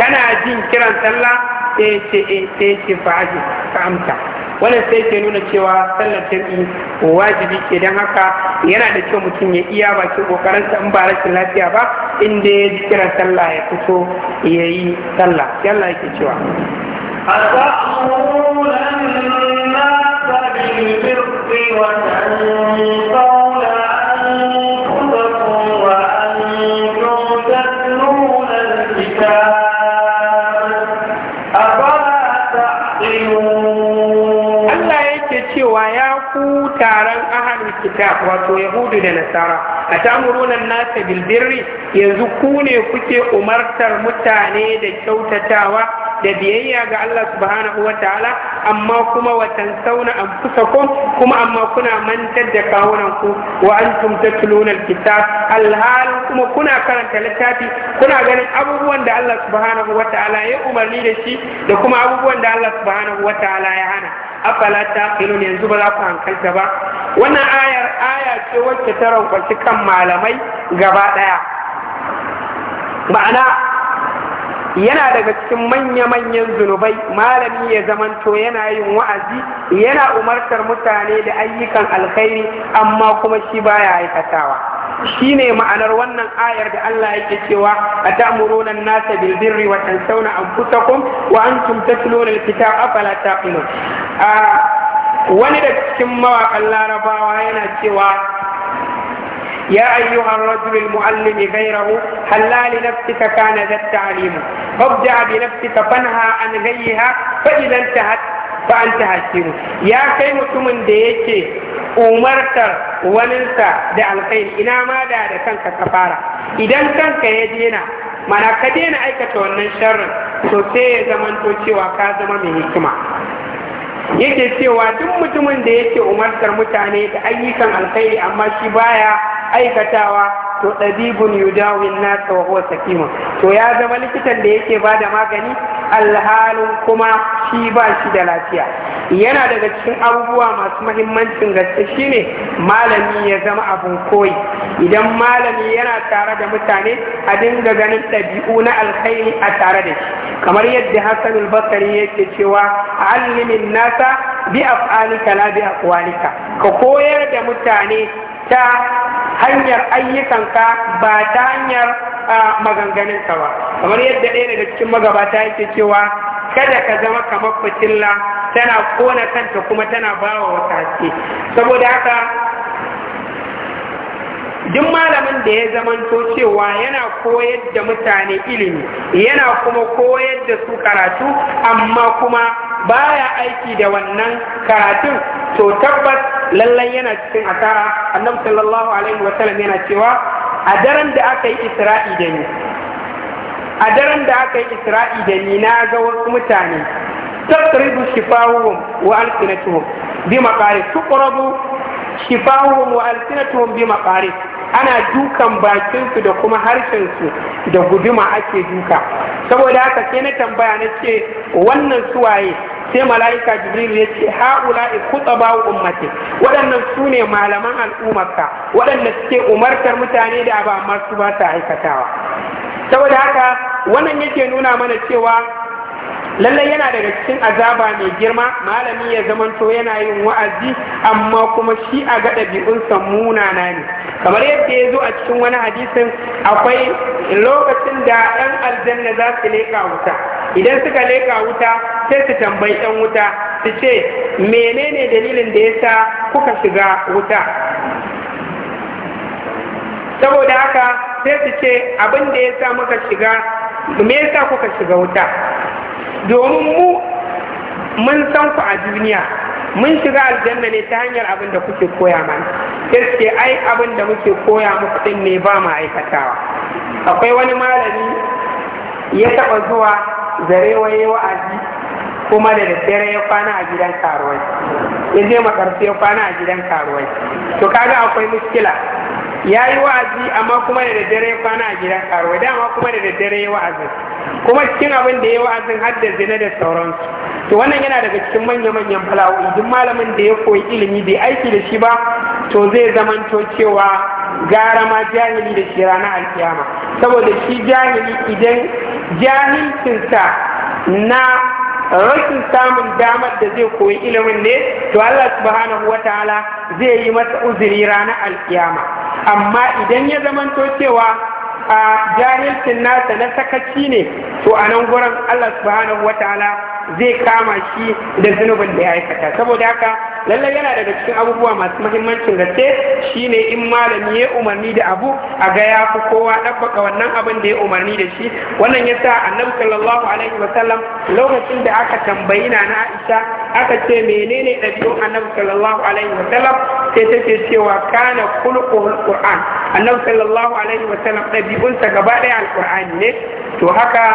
kana jin kiran sallah sai ce eh, sai ce fa'aji fa'amta wannan sai ke nuna cewa sallar jami'i wajibi ke don haka yana da kyau mutum ya iya bakin kokarinsa in ba rashin lafiya ba inda ya ji kiran sallah ya fito ya yi sallah yalla yake cewa أتأمرون الناس بالبر وتنسون kitab wato yahudu da nasara a tamurunan nasa bilbirri yanzu ku ne kuke umartar mutane da kyautatawa da biyayya ga Allah subhanahu wa ta'ala amma kuma watan sauna an fusakon kuma amma kuna mantar da kawunanku wa an tumta tulunar kitab kuma kuna karanta littafi kuna ganin abubuwan da Allah subhanahu wa ta'ala ya umarni da shi da kuma abubuwan da Allah subhanahu wa ta'ala ya hana afala taqilun yanzu ba za ku hankalta ba wannan ayar aya ce wacce ta rankwaci kan malamai gaba ɗaya ma'ana yana daga cikin manya-manyan zunubai malami ya zamanto yana yin wa'azi yana umartar mutane da ayyukan alkhairi amma kuma shi baya aikatawa ne ma'anar wannan ayar da Allah yake cewa a an-nasa bil birri wa tansawna anfusakum wa antum tatluna al a falata wani da cikin mawaƙan larabawa yana cewa يا أيها الرجل المعلم غيره هل لنفسك كان ذا التعليم فابدع بنفسك فانهى عن غيها فإذا انتهت فأنت هشير يا كيمة من ديك أمرت وننسى دع الخير إنا ما دا كانك كفارة إذا كانك يدينا ما نكدينا أيك تونن شر تسيزمان تشوى كازم من هكما yake cewa duk mutumin da yake umartar mutane da ayyukan alkhairi amma shi baya aikatawa to dabibun yudawin nasa wa huwa sakima to ya zama likitan da yake ba da magani alhalin kuma shi ba shi da lafiya yana daga cikin abubuwa masu mahimmancin gaske shine malami ya zama abun koyi idan malami yana tare da mutane a dinga ganin ɗabi'u na alkhairi a tare da shi kamar yadda Hassan al-Basri yake cewa allimin nasa bi af'alika la bi aqwalika ka koyar da mutane ta hanyar ayyukan ka ba ta hanyar maganganun ka ba kamar yadda ɗaya daga cikin magabata yake cewa kada ka zama kamar fitilla tana kona kanta kuma tana bawa wata haske saboda haka duk malamin da ya zamanto cewa yana koyar da mutane ilimi yana kuma koyar da su karatu amma kuma baya aiki da wannan karatun to tabbas lallai yana cikin asara annabi sallallahu alaihi wasallam yana cewa a daren da aka yi isra'i da ni a daren da aka yi isra'i da ni na ga wasu mutane tattaribu shifawuhum wa alsinatuhum bi maqari tuqrabu shifawuhum wa alsinatuhum bi maqari ana dukan bakinsu da kuma harshensu da guduma ake duka saboda haka sai na tambaya na ce wannan suwaye sai mala'ika jibril ya ce ha'ula kutsa ba ummati waɗannan su ne malaman al'ummarka waɗanda suke umartar mutane da ba masu ba aikatawa saboda haka wannan yake nuna mana cewa lallai yana daga cikin azaba mai girma malami ya zamanto yana yin wa'azi amma kuma shi a ga ɗabi'unsa munana ne kamar yadda ya zo a cikin wani hadisin akwai lokacin da ɗan aljanna za su leƙa wuta idan suka leƙa wuta sai su tambayi ɗan wuta su ce menene dalilin da ya sa kuka shiga wuta saboda haka sai su ce abin da ya sa muka shiga me yasa kuka shiga wuta domin mu mun san ku a duniya mun shiga aljanna ne ta hanyar abin da kuke koya mana gaske ai abin da muke koya muku din ne ba mu aikatawa akwai wani malami ya taɓa zuwa zare waye wa'azi kuma da daddare ya kwana a gidan karuwai ya je makarfi ya kwana a gidan karuwai to kaga akwai muskila ya yi wa'azi amma kuma da daddare kwana a gidan karuwa dama kuma da daddare ya wa'azin kuma cikin abin da ya wa'azin har da zina da sauransu to wannan yana daga cikin manya-manyan bala'o'i duk malamin da ya koyi ilimi bai aiki da shi ba to zai zamanto cewa gara ma jahili da shi rana alkiyama saboda shi jahili idan jahilcinsa na rashin samun damar da zai koyi ilimin ne to Allah subhanahu wataala zai yi masa uzuri ranar alkiyama amma idan ya zamanto cewa a jahilcin nasa na sakaci ne to a nan gurin Allah subhanahu wataala zai kama shi da zunubin da ya aikata saboda haka lallai yana daga cikin abubuwa masu muhimmancin gaske shine in malami ya umarni da abu a ga ya fi kowa ɗabbaka wannan abin da ya umarni da shi wannan yasa annabi sallallahu alaihi wasallam lokacin da aka tambayi na na Aisha aka ce menene ɗabi'un annabi sallallahu alaihi wasallam sai take cewa kana kulqul qur'an annabi sallallahu alaihi wasallam ɗabi'unsa gaba ɗaya alqur'ani ne to haka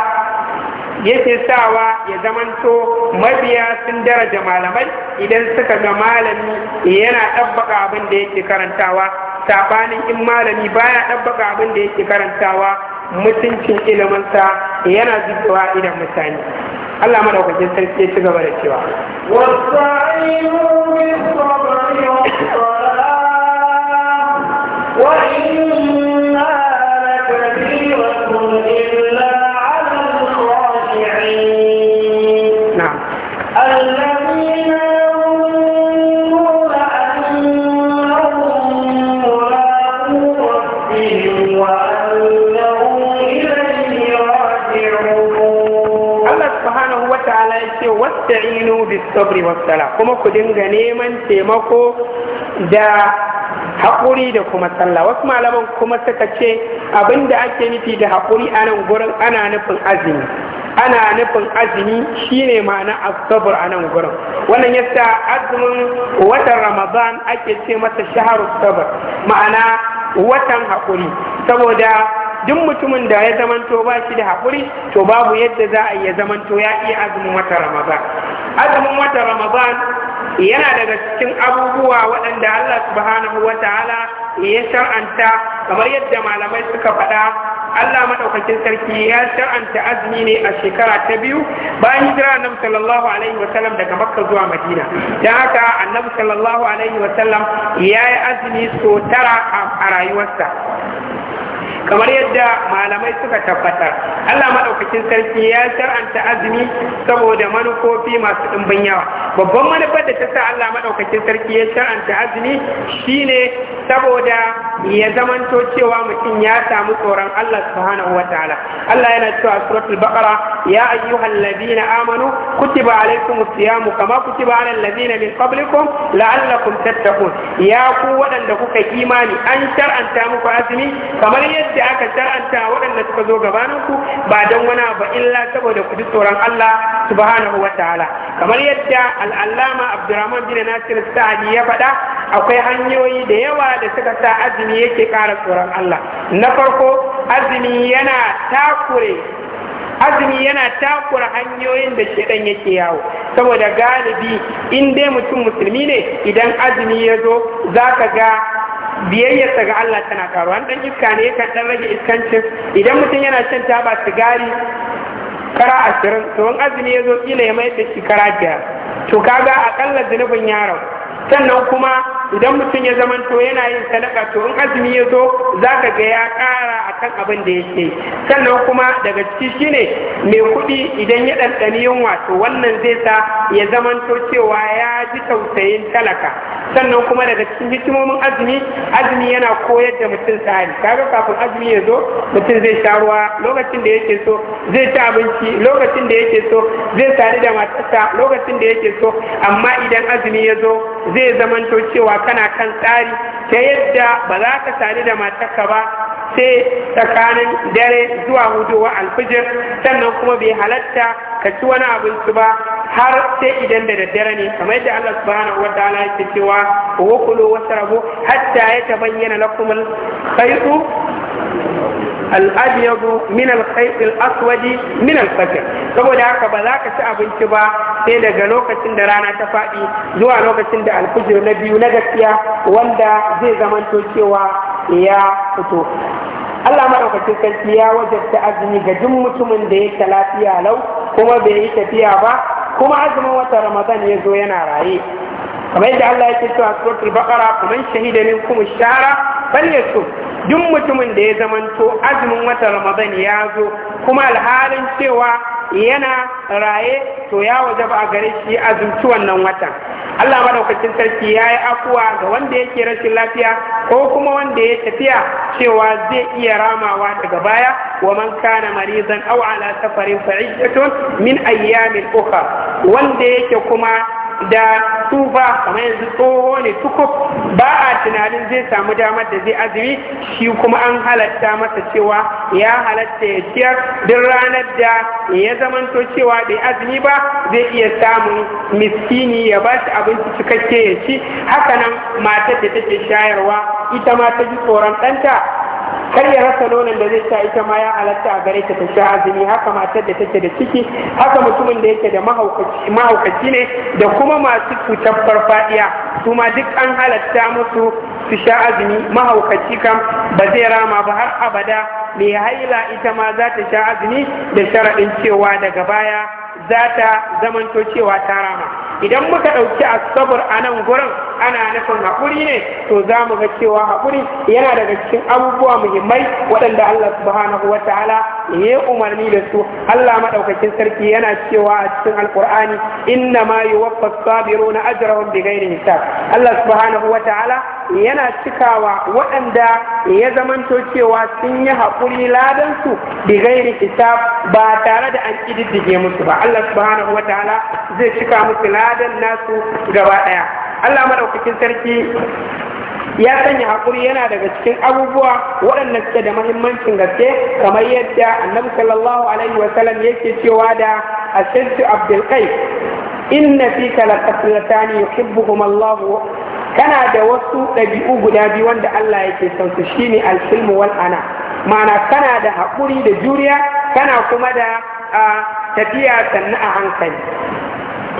yake sawa ya zamanto mabiya sun daraja malamai idan suka ga malami yana ɗabbaka abin da yake karantawa saɓanin in malami baya ɗabbaka abin da yake karantawa mutuncin iliminsa yana zubewa idan mutane Allah madaukakin sarki ya ci gaba da cewa وَإِنَّ sabri wasala kuma ku dinga neman taimako da haƙuri da kuma sallah wasu malaman kuma suka ce da ake nufi da haƙuri a nan gurin ana nufin azumi ana nufin azumi shine ma'ana asabar a nan gurin wannan yasa azumin watan ramadan ake ce masa shaharu sabar ma'ana watan haƙuri saboda duk mutumin da ya zamanto ba shi da haƙuri to babu yadda za a iya zamanto ya iya azumin wata ramadan azumin wata ramadan yana daga cikin abubuwa waɗanda Allah subhanahu wa ta'ala ya shar'anta kamar yadda malamai suka faɗa Allah maɗaukakin sarki ya shar'anta azumi ne a shekara ta biyu bayan hijira annabi sallallahu alaihi wasallam daga makka zuwa madina don haka annabi sallallahu alaihi wasallam ya yi azumi so tara a rayuwarsa kamar yadda malamai suka tabbatar Allah maɗaukakin sarki ya shar'anta azumi saboda manufofi masu ɗimbin yawa babban manufar da ta sa Allah maɗaukakin sarki ya shar'anta azumi shine saboda ya zamanto cewa mutum ya samu tsoron Allah subhanahu ta'ala Allah yana cewa suratul baqara ya ayyuhal ladina amanu kutiba alaykumus siyam kama kutiba alal ladina min qablikum la'allakum tattaqun ya ku waɗanda kuka imani an shar'anta muku azumi kamar yadda yadda aka shar'anta waɗanda suka zo gabaninku ba don wani ba illa saboda ku ji tsoron Allah subhanahu wa ta'ala kamar yadda al'allama Abdurrahman bin Nasir Sa'adi ya faɗa akwai hanyoyi da yawa da suka sa azumi yake ƙara tsoron Allah na farko azumi yana takure azumi yana takura hanyoyin da shedan yake yawo saboda galibi in dai mutum musulmi ne idan azumi ya zo za ka ga biyayyarsa ga Allah tana karuwa an dan iska ne kan dan rage iskancin idan mutum yana shan taba sigari kara ashirin to in azumi ya zo kila ya mai da shi kara biyar to kaga akalla zunubin yaron. sannan kuma idan mutum ya zamanto yana yin sadaka to in azumi ya zo za ka ga ya ƙara akan abin da yake sannan kuma daga ciki shine mai kuɗi idan ya ɗanɗani yunwa to wannan zai sa ya zamanto cewa ya ji tausayin talaka sannan kuma daga cikin hikimomin azumi azumi yana koyar da mutum tsari kaga kafin azumi ya zo mutum zai sha ruwa lokacin da yake so zai ci abinci lokacin da yake so zai sadu da matarsa lokacin da yake so amma idan azumi ya zo zai zamanto cewa kana kan tsari ta yadda ba za ka sani da matarka ba sai tsakanin dare zuwa hudowa alfijir sannan kuma bai halatta ka ci wani abinci ba har sai idan da daddare ne kamar yadda Allah subhanahu wa ta'ala yake cewa wa kulu wasrabu hatta yatabayyana lakum al khayru al-abyad min al-khayt min saboda haka ba za ka ci abinci ba sai daga lokacin da rana ta faɗi zuwa lokacin da alfijir na biyu na gaskiya wanda zai zamanto cewa ya fito Allah maɗaukacin sarki ya wajabta azumi ga duk mutumin da yake lafiya lau kuma bai yi tafiya ba kuma azumin watan Ramadan ya zo yana raye kamar yadda Allah ce cewa suratul baqara kuma shahida minkum shahra falyasum duk mutumin da ya zamanto azumin watan ramadan ya zo kuma alhalin cewa yana raye to ya waje ba gare shi azumci wannan watan Allah madaukakin sarki ya yi afuwa ga wanda yake rashin lafiya ko kuma wanda ya tafiya cewa zai iya ramawa daga baya wa man kana marizan aw ala safarin fa min ayyamin ukhra wanda yake kuma da tufa kamar yanzu tsoho ne tukuf ba a tunanin zai samu damar da zai azumi shi kuma an halatta masa cewa ya halatta ya ciyar duk ranar da ya zamanto cewa bai azumi ba zai iya samun miskini ya ba shi abinci cikakke ya ci hakanan matar da take shayarwa ita ma ta ji tsoron ɗanta karya ya rasa nonon da zai sha ita ma ya alatta a gare ta ta sha azumi haka matar da take da ciki haka mutumin da yake da mahaukaci ne da kuma masu cutar farfadiya su ma duk an halatta musu su sha azumi mahaukaci kam ba zai rama ba har abada mai haila ita ma za ta sha azumi da sharaɗin cewa daga baya za ta zamanto cewa ta rama idan muka ɗauki asabar a nan gurin ana nufin haƙuri ne to za mu ga cewa haƙuri yana daga cikin abubuwa muhimmai waɗanda Allah subhanahu wa ta'ala ya umarni da su Allah maɗaukakin sarki yana cewa a cikin alƙur'ani inna ma na sabiruna ajrahum bighairi hisab Allah subhanahu wa ta'ala yana cikawa waɗanda ya zamanto cewa sun yi haƙuri ladansu da gairi hisab ba tare da an ƙididdige musu ba Allah subhanahu wa ta'ala zai cika musu ladan nasu gaba ɗaya Allah maɗaukakin sarki ya sanya haƙuri yana daga cikin abubuwa waɗanda suke da mahimmancin gaske kamar yadda annabi sallallahu alaihi wasallam yake cewa da ashaddu abdul qais inna fika laqaslatani yuhibbuhum Allah kana da wasu ɗabi'u guda biyu wanda Allah yake son su shine al wal ana ma'ana kana da haƙuri da juriya kana kuma da tafiya sannu a hankali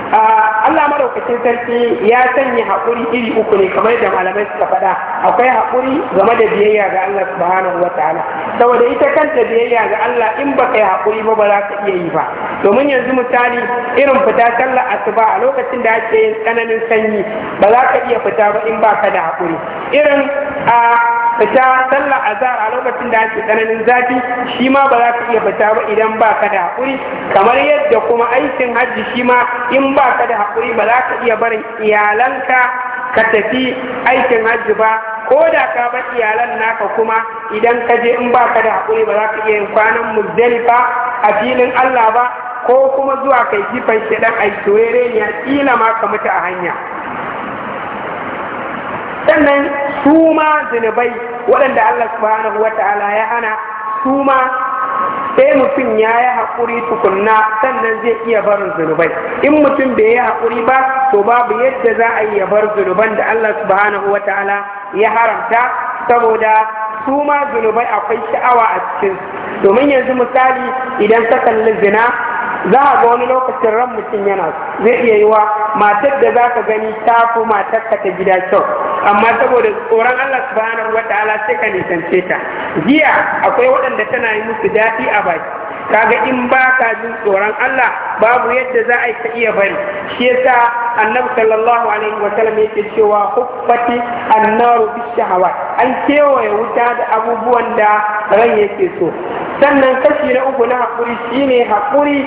Allah maraukacin sarki ya sanya haƙuri iri uku ne kamar da malamai suka faɗa akwai haƙuri game da biyayya ga Allah subhanahu wataala saboda ita kanta biyayya ga Allah in ba yi haƙuri ba ba za ka iya yi ba domin yanzu misali irin fita sallar asuba a lokacin da ake yin tsananin sanyi ba za ka iya fita ba in ba ka da haƙuri irin fita sallar azhar a lokacin da ake tsananin zafi shi ma ba za ka iya fita ba idan ba ka da haƙuri kamar yadda kuma aikin hajji shi ma in ba ka da haƙuri ba za ka iya barin iyalanka ka tafi aikin hajji ba ko da ka bar iyalan naka kuma idan ka je in ba ka da haƙuri ba za ka iya yin kwanan muzdalifa a filin Allah ba ko kuma zuwa kai kifan shi dan ne a kila ma ka mutu a hanya sannan su ma zunubai waɗanda Allah subhanahu wata'ala ya hana su ma sai mutum ya yi haƙuri tukunna sannan zai iya barin zunubai in mutum bai yi haƙuri ba to babu yadda za a iya bar zunuban da Allah subhanahu wata'ala ya haramta saboda su ma zunubai akwai sha'awa a cikin domin yanzu misali idan ka kalli zina za a ga wani lokacin ran mutum yana zai iya yi wa matar da za ka gani ta fi matar ka ta gida kyau amma saboda tsoron Allah subhanahu wa ta'ala sai ka nisance ta jiya akwai waɗanda tana yi musu daɗi a baki kaga in ba ka jin tsoron Allah babu yadda za a yi ka iya bari shi yasa annabi sallallahu alaihi wa sallam yake cewa huffati annaru bishahawat an kewaye wuta da abubuwan da ran yake so sannan kashi na uku na haƙuri shine haƙuri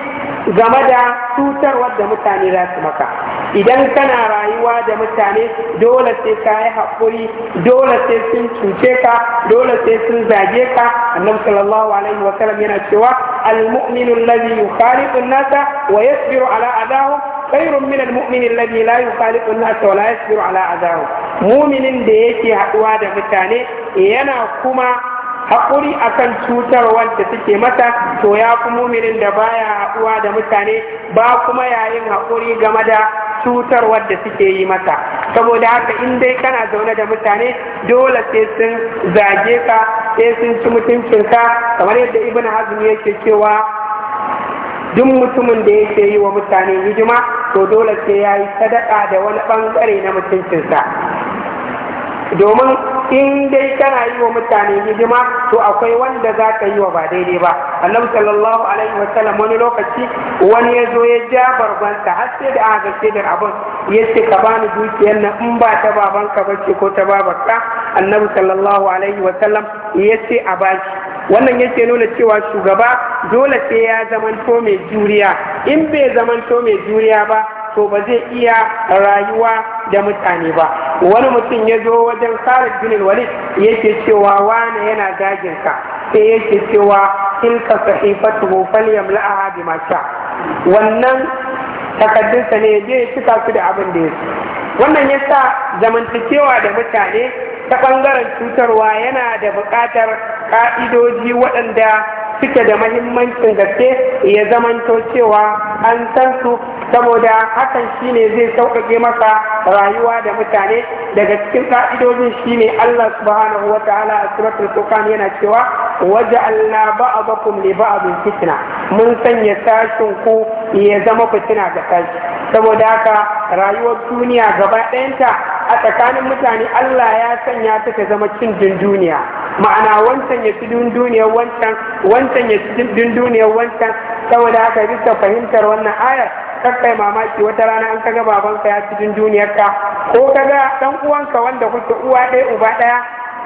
game da cutarwar da mutane za su maka idan kana rayuwa da mutane dole sai ka yi haƙuri dole sai sun cuce ka dole sai sun zage ka annabi sallallahu alaihi wa sallam yana cewa al-mu'minu alladhi yukhaliqu an-nasa wa yasbiru ala adahum khairun min al-mu'min alladhi la yukhaliqu an-nasa wa la yasbiru ala adahum mu'minin da yake haɗuwa da mutane yana kuma haƙuri akan cutar wanda suke mata to ya fi muminin da baya haɗuwa da mutane ba kuma yayin haƙuri game da cutar wanda suke yi mata saboda haka in dai kana zaune da mutane dole sai sun zage ka sai sun ci mutuncinka kamar yadda ibn hazm yake cewa duk mutumin da yake yi wa mutane hijima to dole sai ya yi sadaka da wani bangare na mutuncinsa domin in dai kana yi wa mutane hidima to akwai wanda za ka yi wa ba daidai ba annabi sallallahu alaihi wa sallam wani lokaci wani ya zo ya ja barbansa har sai da aka ga abin ya ce ka bani dukiyar nan in ba ta babanka ba ce ko ta babarka annabi sallallahu alaihi wa sallam ya ce a shi. wannan yake nuna cewa shugaba dole sai ya zamanto mai juriya in bai zamanto mai juriya ba to ba zai iya rayuwa da mutane ba wani mutum ya zo wajen Khalid bin Walid yake cewa wane yana gagin ka sai yake cewa in tilka sahifatu a bima mata wannan takaddunsa ne zai cika su da abin da ya wannan ya sa zamantakewa da mutane ta ɓangaren cutarwa yana da buƙatar ka'idoji waɗanda suke da mahimmancin gaske ya zamanto cewa an san su saboda hakan shine zai sauƙaƙe masa rayuwa da mutane daga cikin ka'idojin shine Allah subhanahu wa ta'ala a suratul furqan yana cewa waje waja'alna ba'dakum li ba'din fitina, mun sanya sashin ku ya zama fitina ga sashi saboda haka rayuwar duniya gaba ɗayanta a tsakanin mutane Allah ya sanya ta ta zama cin dunduniya ma'ana wancan ya ci dunduniyar wancan wancan ya ci dunduniyar wancan saboda haka bisa fahimtar wannan ayar kakkai mamaki wata rana an kaga babanka ya cikin duniyarka ko kaga ɗan uwanka wanda kuke uwa ɗaya uba ɗaya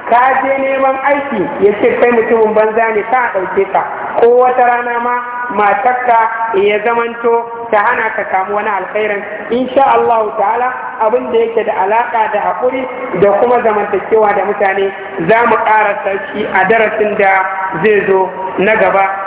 ka je neman aiki ya ce kai mutumin banza ne ka ɗauke ka ko wata rana ma matarka ya zamanto ta hana ka samu wani alkhairin insha Allah ta'ala abin da yake da alaka da haƙuri da kuma zamantakewa da mutane za mu ƙara shi a darasin da zai zo na gaba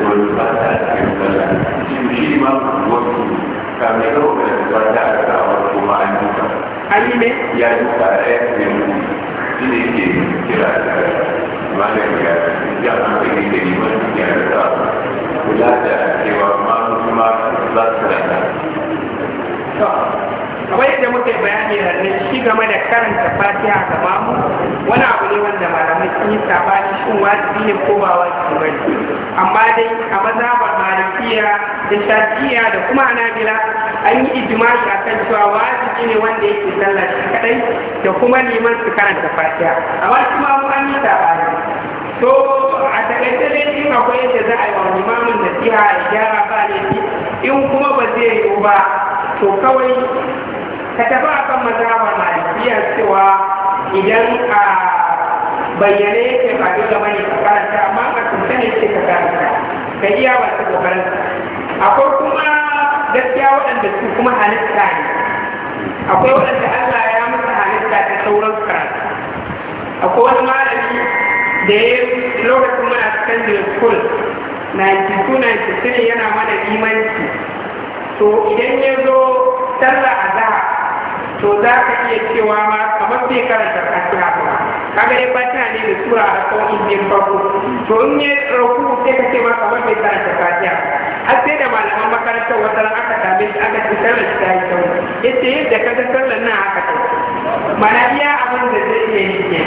kami itu banyak ada orang cuma juga. Ayo ni? Ya juga eh ini ini mana yang jangan penting ini mana yang belajar. yadda muke bayani ne shi game da karanta fatiha ga mamu wani abu ne wanda malamai sun yi sabani shin wajibi ne ko ba wajibi ba amma dai a mazhabar malikiya da shafiya da kuma anabila an yi a kan cewa wajibi ne wanda yake sallah shi kadai da kuma neman su karanta fatiha amma mamu an yi sabani to a takaice dai in akwai yadda za a yi wa limamin nasiha ya gyara ba ne in kuma ba zai yiwu ba to kawai ka tafi a kan mazhabar malikiya cewa idan a bayyane yake ba dole da ka karanta amma a tunta ne ce ka karanta ka iya wasu ka karanta akwai kuma gaskiya waɗanda su kuma halitta ne akwai waɗanda Allah ya musu halitta ta sauran karatu akwai wani malami da ya lokacin muna secondary school 92 93 yana mana imanci. to idan ya zo sallah a zaha to za ka iya cewa ma kamar sai karanta fatiha ba kaga dai fatiha ne da sura a tsawon biyan farko to in ya rauku sai ka ce ma kamar sai karanta fatiha har sai da malaman makarantar wata aka same shi aka ce sallar ta yi kyau yace yadda ka ga sallar nan haka ta mana iya abin da zai iya yi ke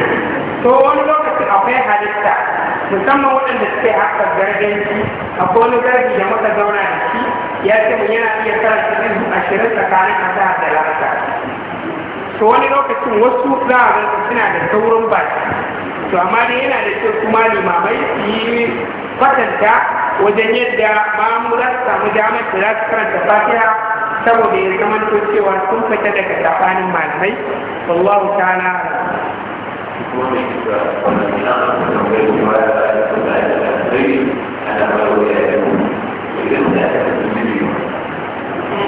to wani lokacin akwai halitta musamman waɗanda suke haka gargaji a wani gargi da muka zauna da shi ya ce mu yana iya karanta ɗin ashirin tsakanin a da lafiya to wani lokacin wasu za a suna da saurin baki to amma dai yana da kyau kuma limamai su yi kwatanta wajen yadda mamu za su samu damar da za su karanta fatiha saboda ya zama to cewa sun fita daga tsakanin malamai wallahu ta'ala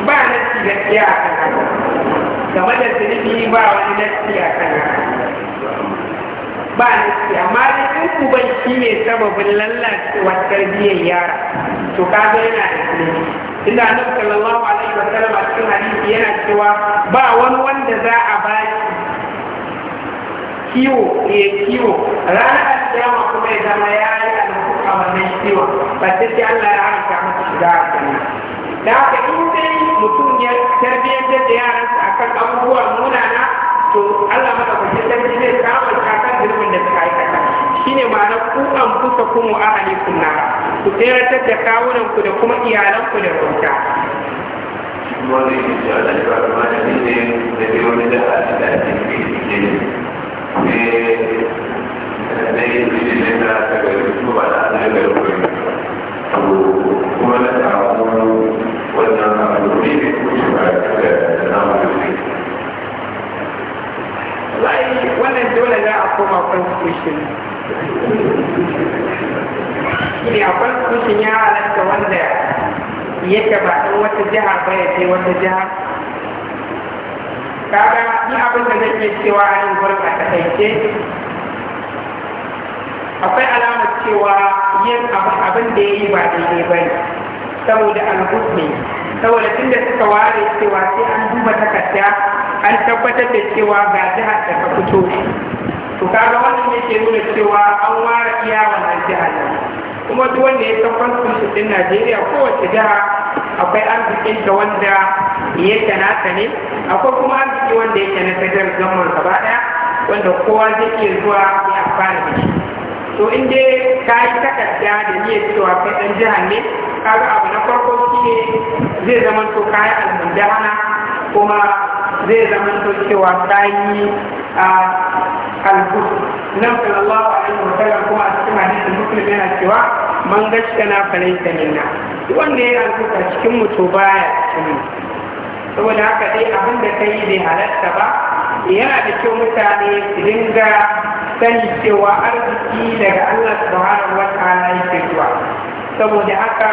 ba na ci gaskiya a kan game da zunubi ba wani nasi a ba nasi amma da in uban shi ne sababin lalacewar tarbiyyar yara to kaga yana da zunubi inda annabi sallallahu alaihi wa sallam a cikin hadisi yana cewa ba wani wanda za a ba kiwo ya kiwo ranar alkiyama kuma ya zama ya yi alhuku a wannan kiwon ba sai Allah ya haramta masa shiga a da haka in mutum ya tarbiyyantar da yaransa akan abubuwa munana to Allah madaukakin sarki zai kama kakan zunubin da suka aikata shine ma'anar ku an kusa kuma ahali kunna ku tsayar da kawunan da kuma iyalan da bauta wani da ya da eh, ne wani da ne ta da da kuma na ta wannan al'amari ne kuce ba da namu da su layi wannan dole za a koma constitution ne a constitution ya halatta wanda ya taba wata jiha ba ya ce wata jiha kaga ni abin da nake cewa a yin gwarka a kaice akwai alamar cewa yin abin da ya yi ba daidai ba ne saboda alhusni saboda tun da suka ware cewa sai an duba takarda an tabbatar da cewa ga jihar da ka fito to kaga wannan yake nuna cewa an ware iya wannan jihar kuma duk wanda ya san constitution din Najeriya kowace jiha akwai arzikin da wanda ya nasa ne akwai kuma arziki wanda ya na federal zaman gaba daya wanda kowa zai iya zuwa ya amfana da shi to in dai ka yi takarda da niyyar cewa kai dan jihar ne kaga abu na farko ne zai zama kayan kayi kuma zai zama to cewa kayi a albus nan sallallahu alaihi wa sallam kuma a cikin hadisin muslim yana cewa man gashkana falaita minna duk wanda ya albus a cikin mu to baya cikin saboda haka dai abin da ta yi bai halatta ba yana da kyau mutane su dinga sani cewa arziki daga Allah subhanahu wa ta'ala saboda haka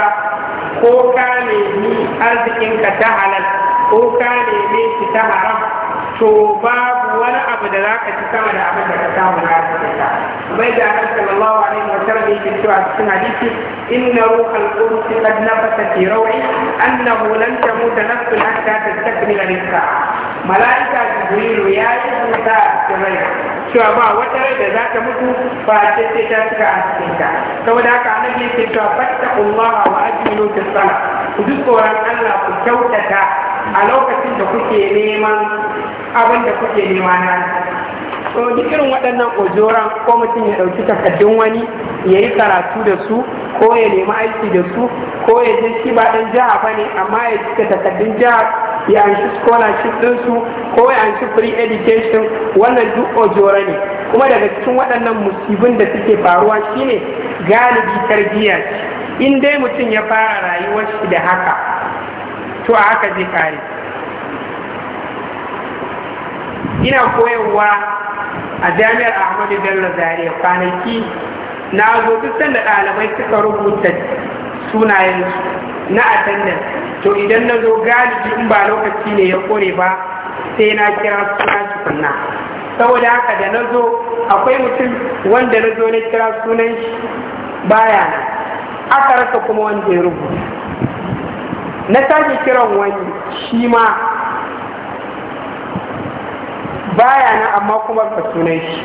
ko ka nemi arzikinka ta halal ko ka nemi shi ta haram to babu wani abu da zaka ci sama da abin da ka samu na arzikinka bai da annabi sallallahu alaihi wa sallam yake cewa cikin hadisi inna ruhal qudus qad nafasa fi rawi annahu lan tamuta nafsun hatta tastakmila rizqaha mala'ika jibrilu ya yi rubuta a cikin rai cewa ba wata rai da za ta mutu ba a ce ta cika a cikin ta saboda haka annabi yake cewa fattaqullaha wa ajmilu ta sala ku ji tsoron Allah ku kyautata a lokacin da kuke neman abin da kuke nema na to duk irin waɗannan ojoran ko mutum ya ɗauki takaddun wani ya yi karatu da su ko ya nemi aiki da su ko ya je shi ba ɗan jiha ba ne amma ya cika takaddun jiha ya anshi scholarship ɗinsu ko ya free education wannan duk ojora ne kuma daga cikin waɗannan musibin da suke faruwa shine galibi tarbiyya in dai mutum ya fara rayuwar shi da haka to a haka zai kare ina koyarwa a jami'ar ahmadu bello zaria kwanaki na zo duk sanda ɗalibai suka rubuta sunayen na attendance to idan na zo galibi in ba lokaci ne ya kore ba sai na kira sunan shi kunna saboda haka da na zo akwai mutum wanda na zo na kira sunan shi baya na aka rasa kuma wanda ya rubuta na sake kiran wani shi ma baya na amma kuma ka sunan shi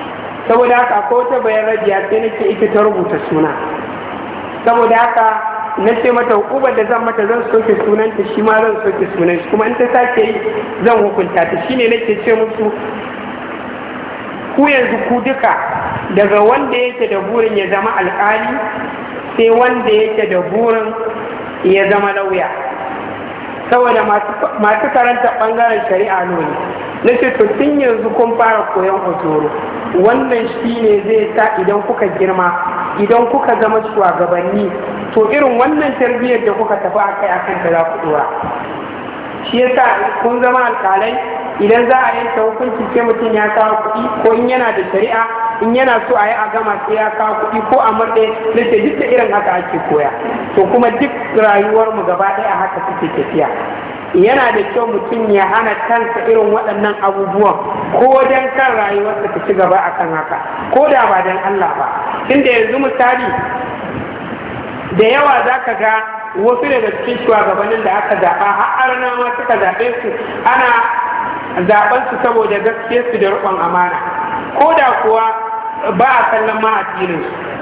saboda haka ko ta bayan rajiya sai nake ita ta rubuta suna saboda haka na ce mata hukumar da zan mata zan soke sunanta shi ma zan soke sunanta kuma in ta sake yi zan hukunta ta shine nake ce musu ku yanzu ku duka daga wanda yake da burin ya zama alƙali sai wanda yake da burin ya zama lauya saboda masu karanta ɓangaren shari'a ne na ce to tun yanzu kun fara koyon otoro wannan shi ne zai sa idan kuka girma idan kuka zama shugabanni to irin wannan tarbiyyar da kuka tafi a kai akan ta za ku dora shi yasa kun zama alƙalai idan za a yanke hukunci sai mutum ya kawo kuɗi ko in yana da shari'a in yana so a yi a gama sai ya kawo kuɗi ko a murɗe na ce duk irin haka ake koya to kuma duk rayuwarmu gaba ɗaya haka suke tafiya yana da kyau mutum ya hana kansa irin waɗannan abubuwan ko wajen kan rayuwarsa ta ci gaba akan haka ko da ba dan Allah ba tunda yanzu misali da yawa za ka ga wasu daga cikin shugabannin da aka zaɓa a arna ma suka zaɓe su ana zaɓen su saboda gaskiyar su da riƙon amana ko da kuwa ba a kallon ma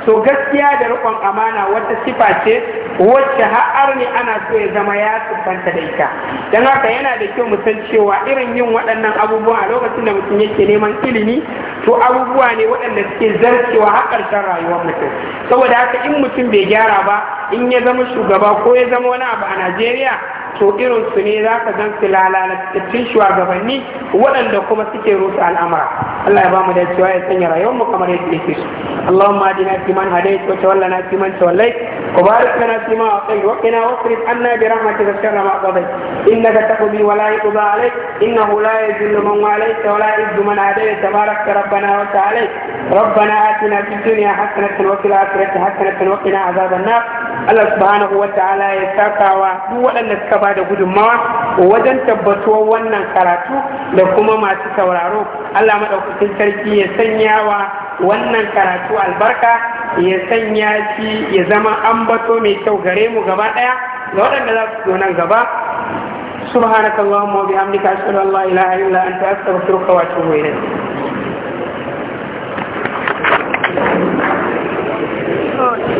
to gaskiya da rikon amana wata sifa ce wacce har ne ana so ya zama ya siffanta da ita don haka yana da kyau mu san cewa irin yin waɗannan abubuwa a lokacin da mutum yake neman ilimi to abubuwa ne waɗanda suke zarcewa har ƙarshen rayuwar mutum saboda haka in mutum bai gyara ba in ya zama shugaba ko ya zama wani abu a najeriya to irin su ne za ka zan su lalatattun shugabanni waɗanda kuma suke rusa al'amura Allah ya bamu da cewa ya sanya rayuwarmu kamar yadda yake so Allahumma adina fi man hadayt wa tawallana fi man tawallait wa barik lana fi ma atayt wa qina wasrif anna bi rahmatika sharra ma qadayt innaka taqdi wa la yuqda alayk innahu la yadhillu man ربنا آتنا في الدنيا حسنة وفي الآخرة حسنة وقنا عذاب النار الله سبحانه وتعالى يساكا ودولا نسكبا ba da gudunmawa wajen tabbatuwar wannan karatu da kuma masu sauraro allah maɗaukakin sarki ya sanya wa wannan karatu albarka ya sanya shi ya zama ambato mai kyau gare mu gaba ɗaya ga waɗanda za su zo nan gaba سبحانك اللهم وبحمدك أشهد أن لا إله إلا أنت أستغفرك وأتوب إليك Oh,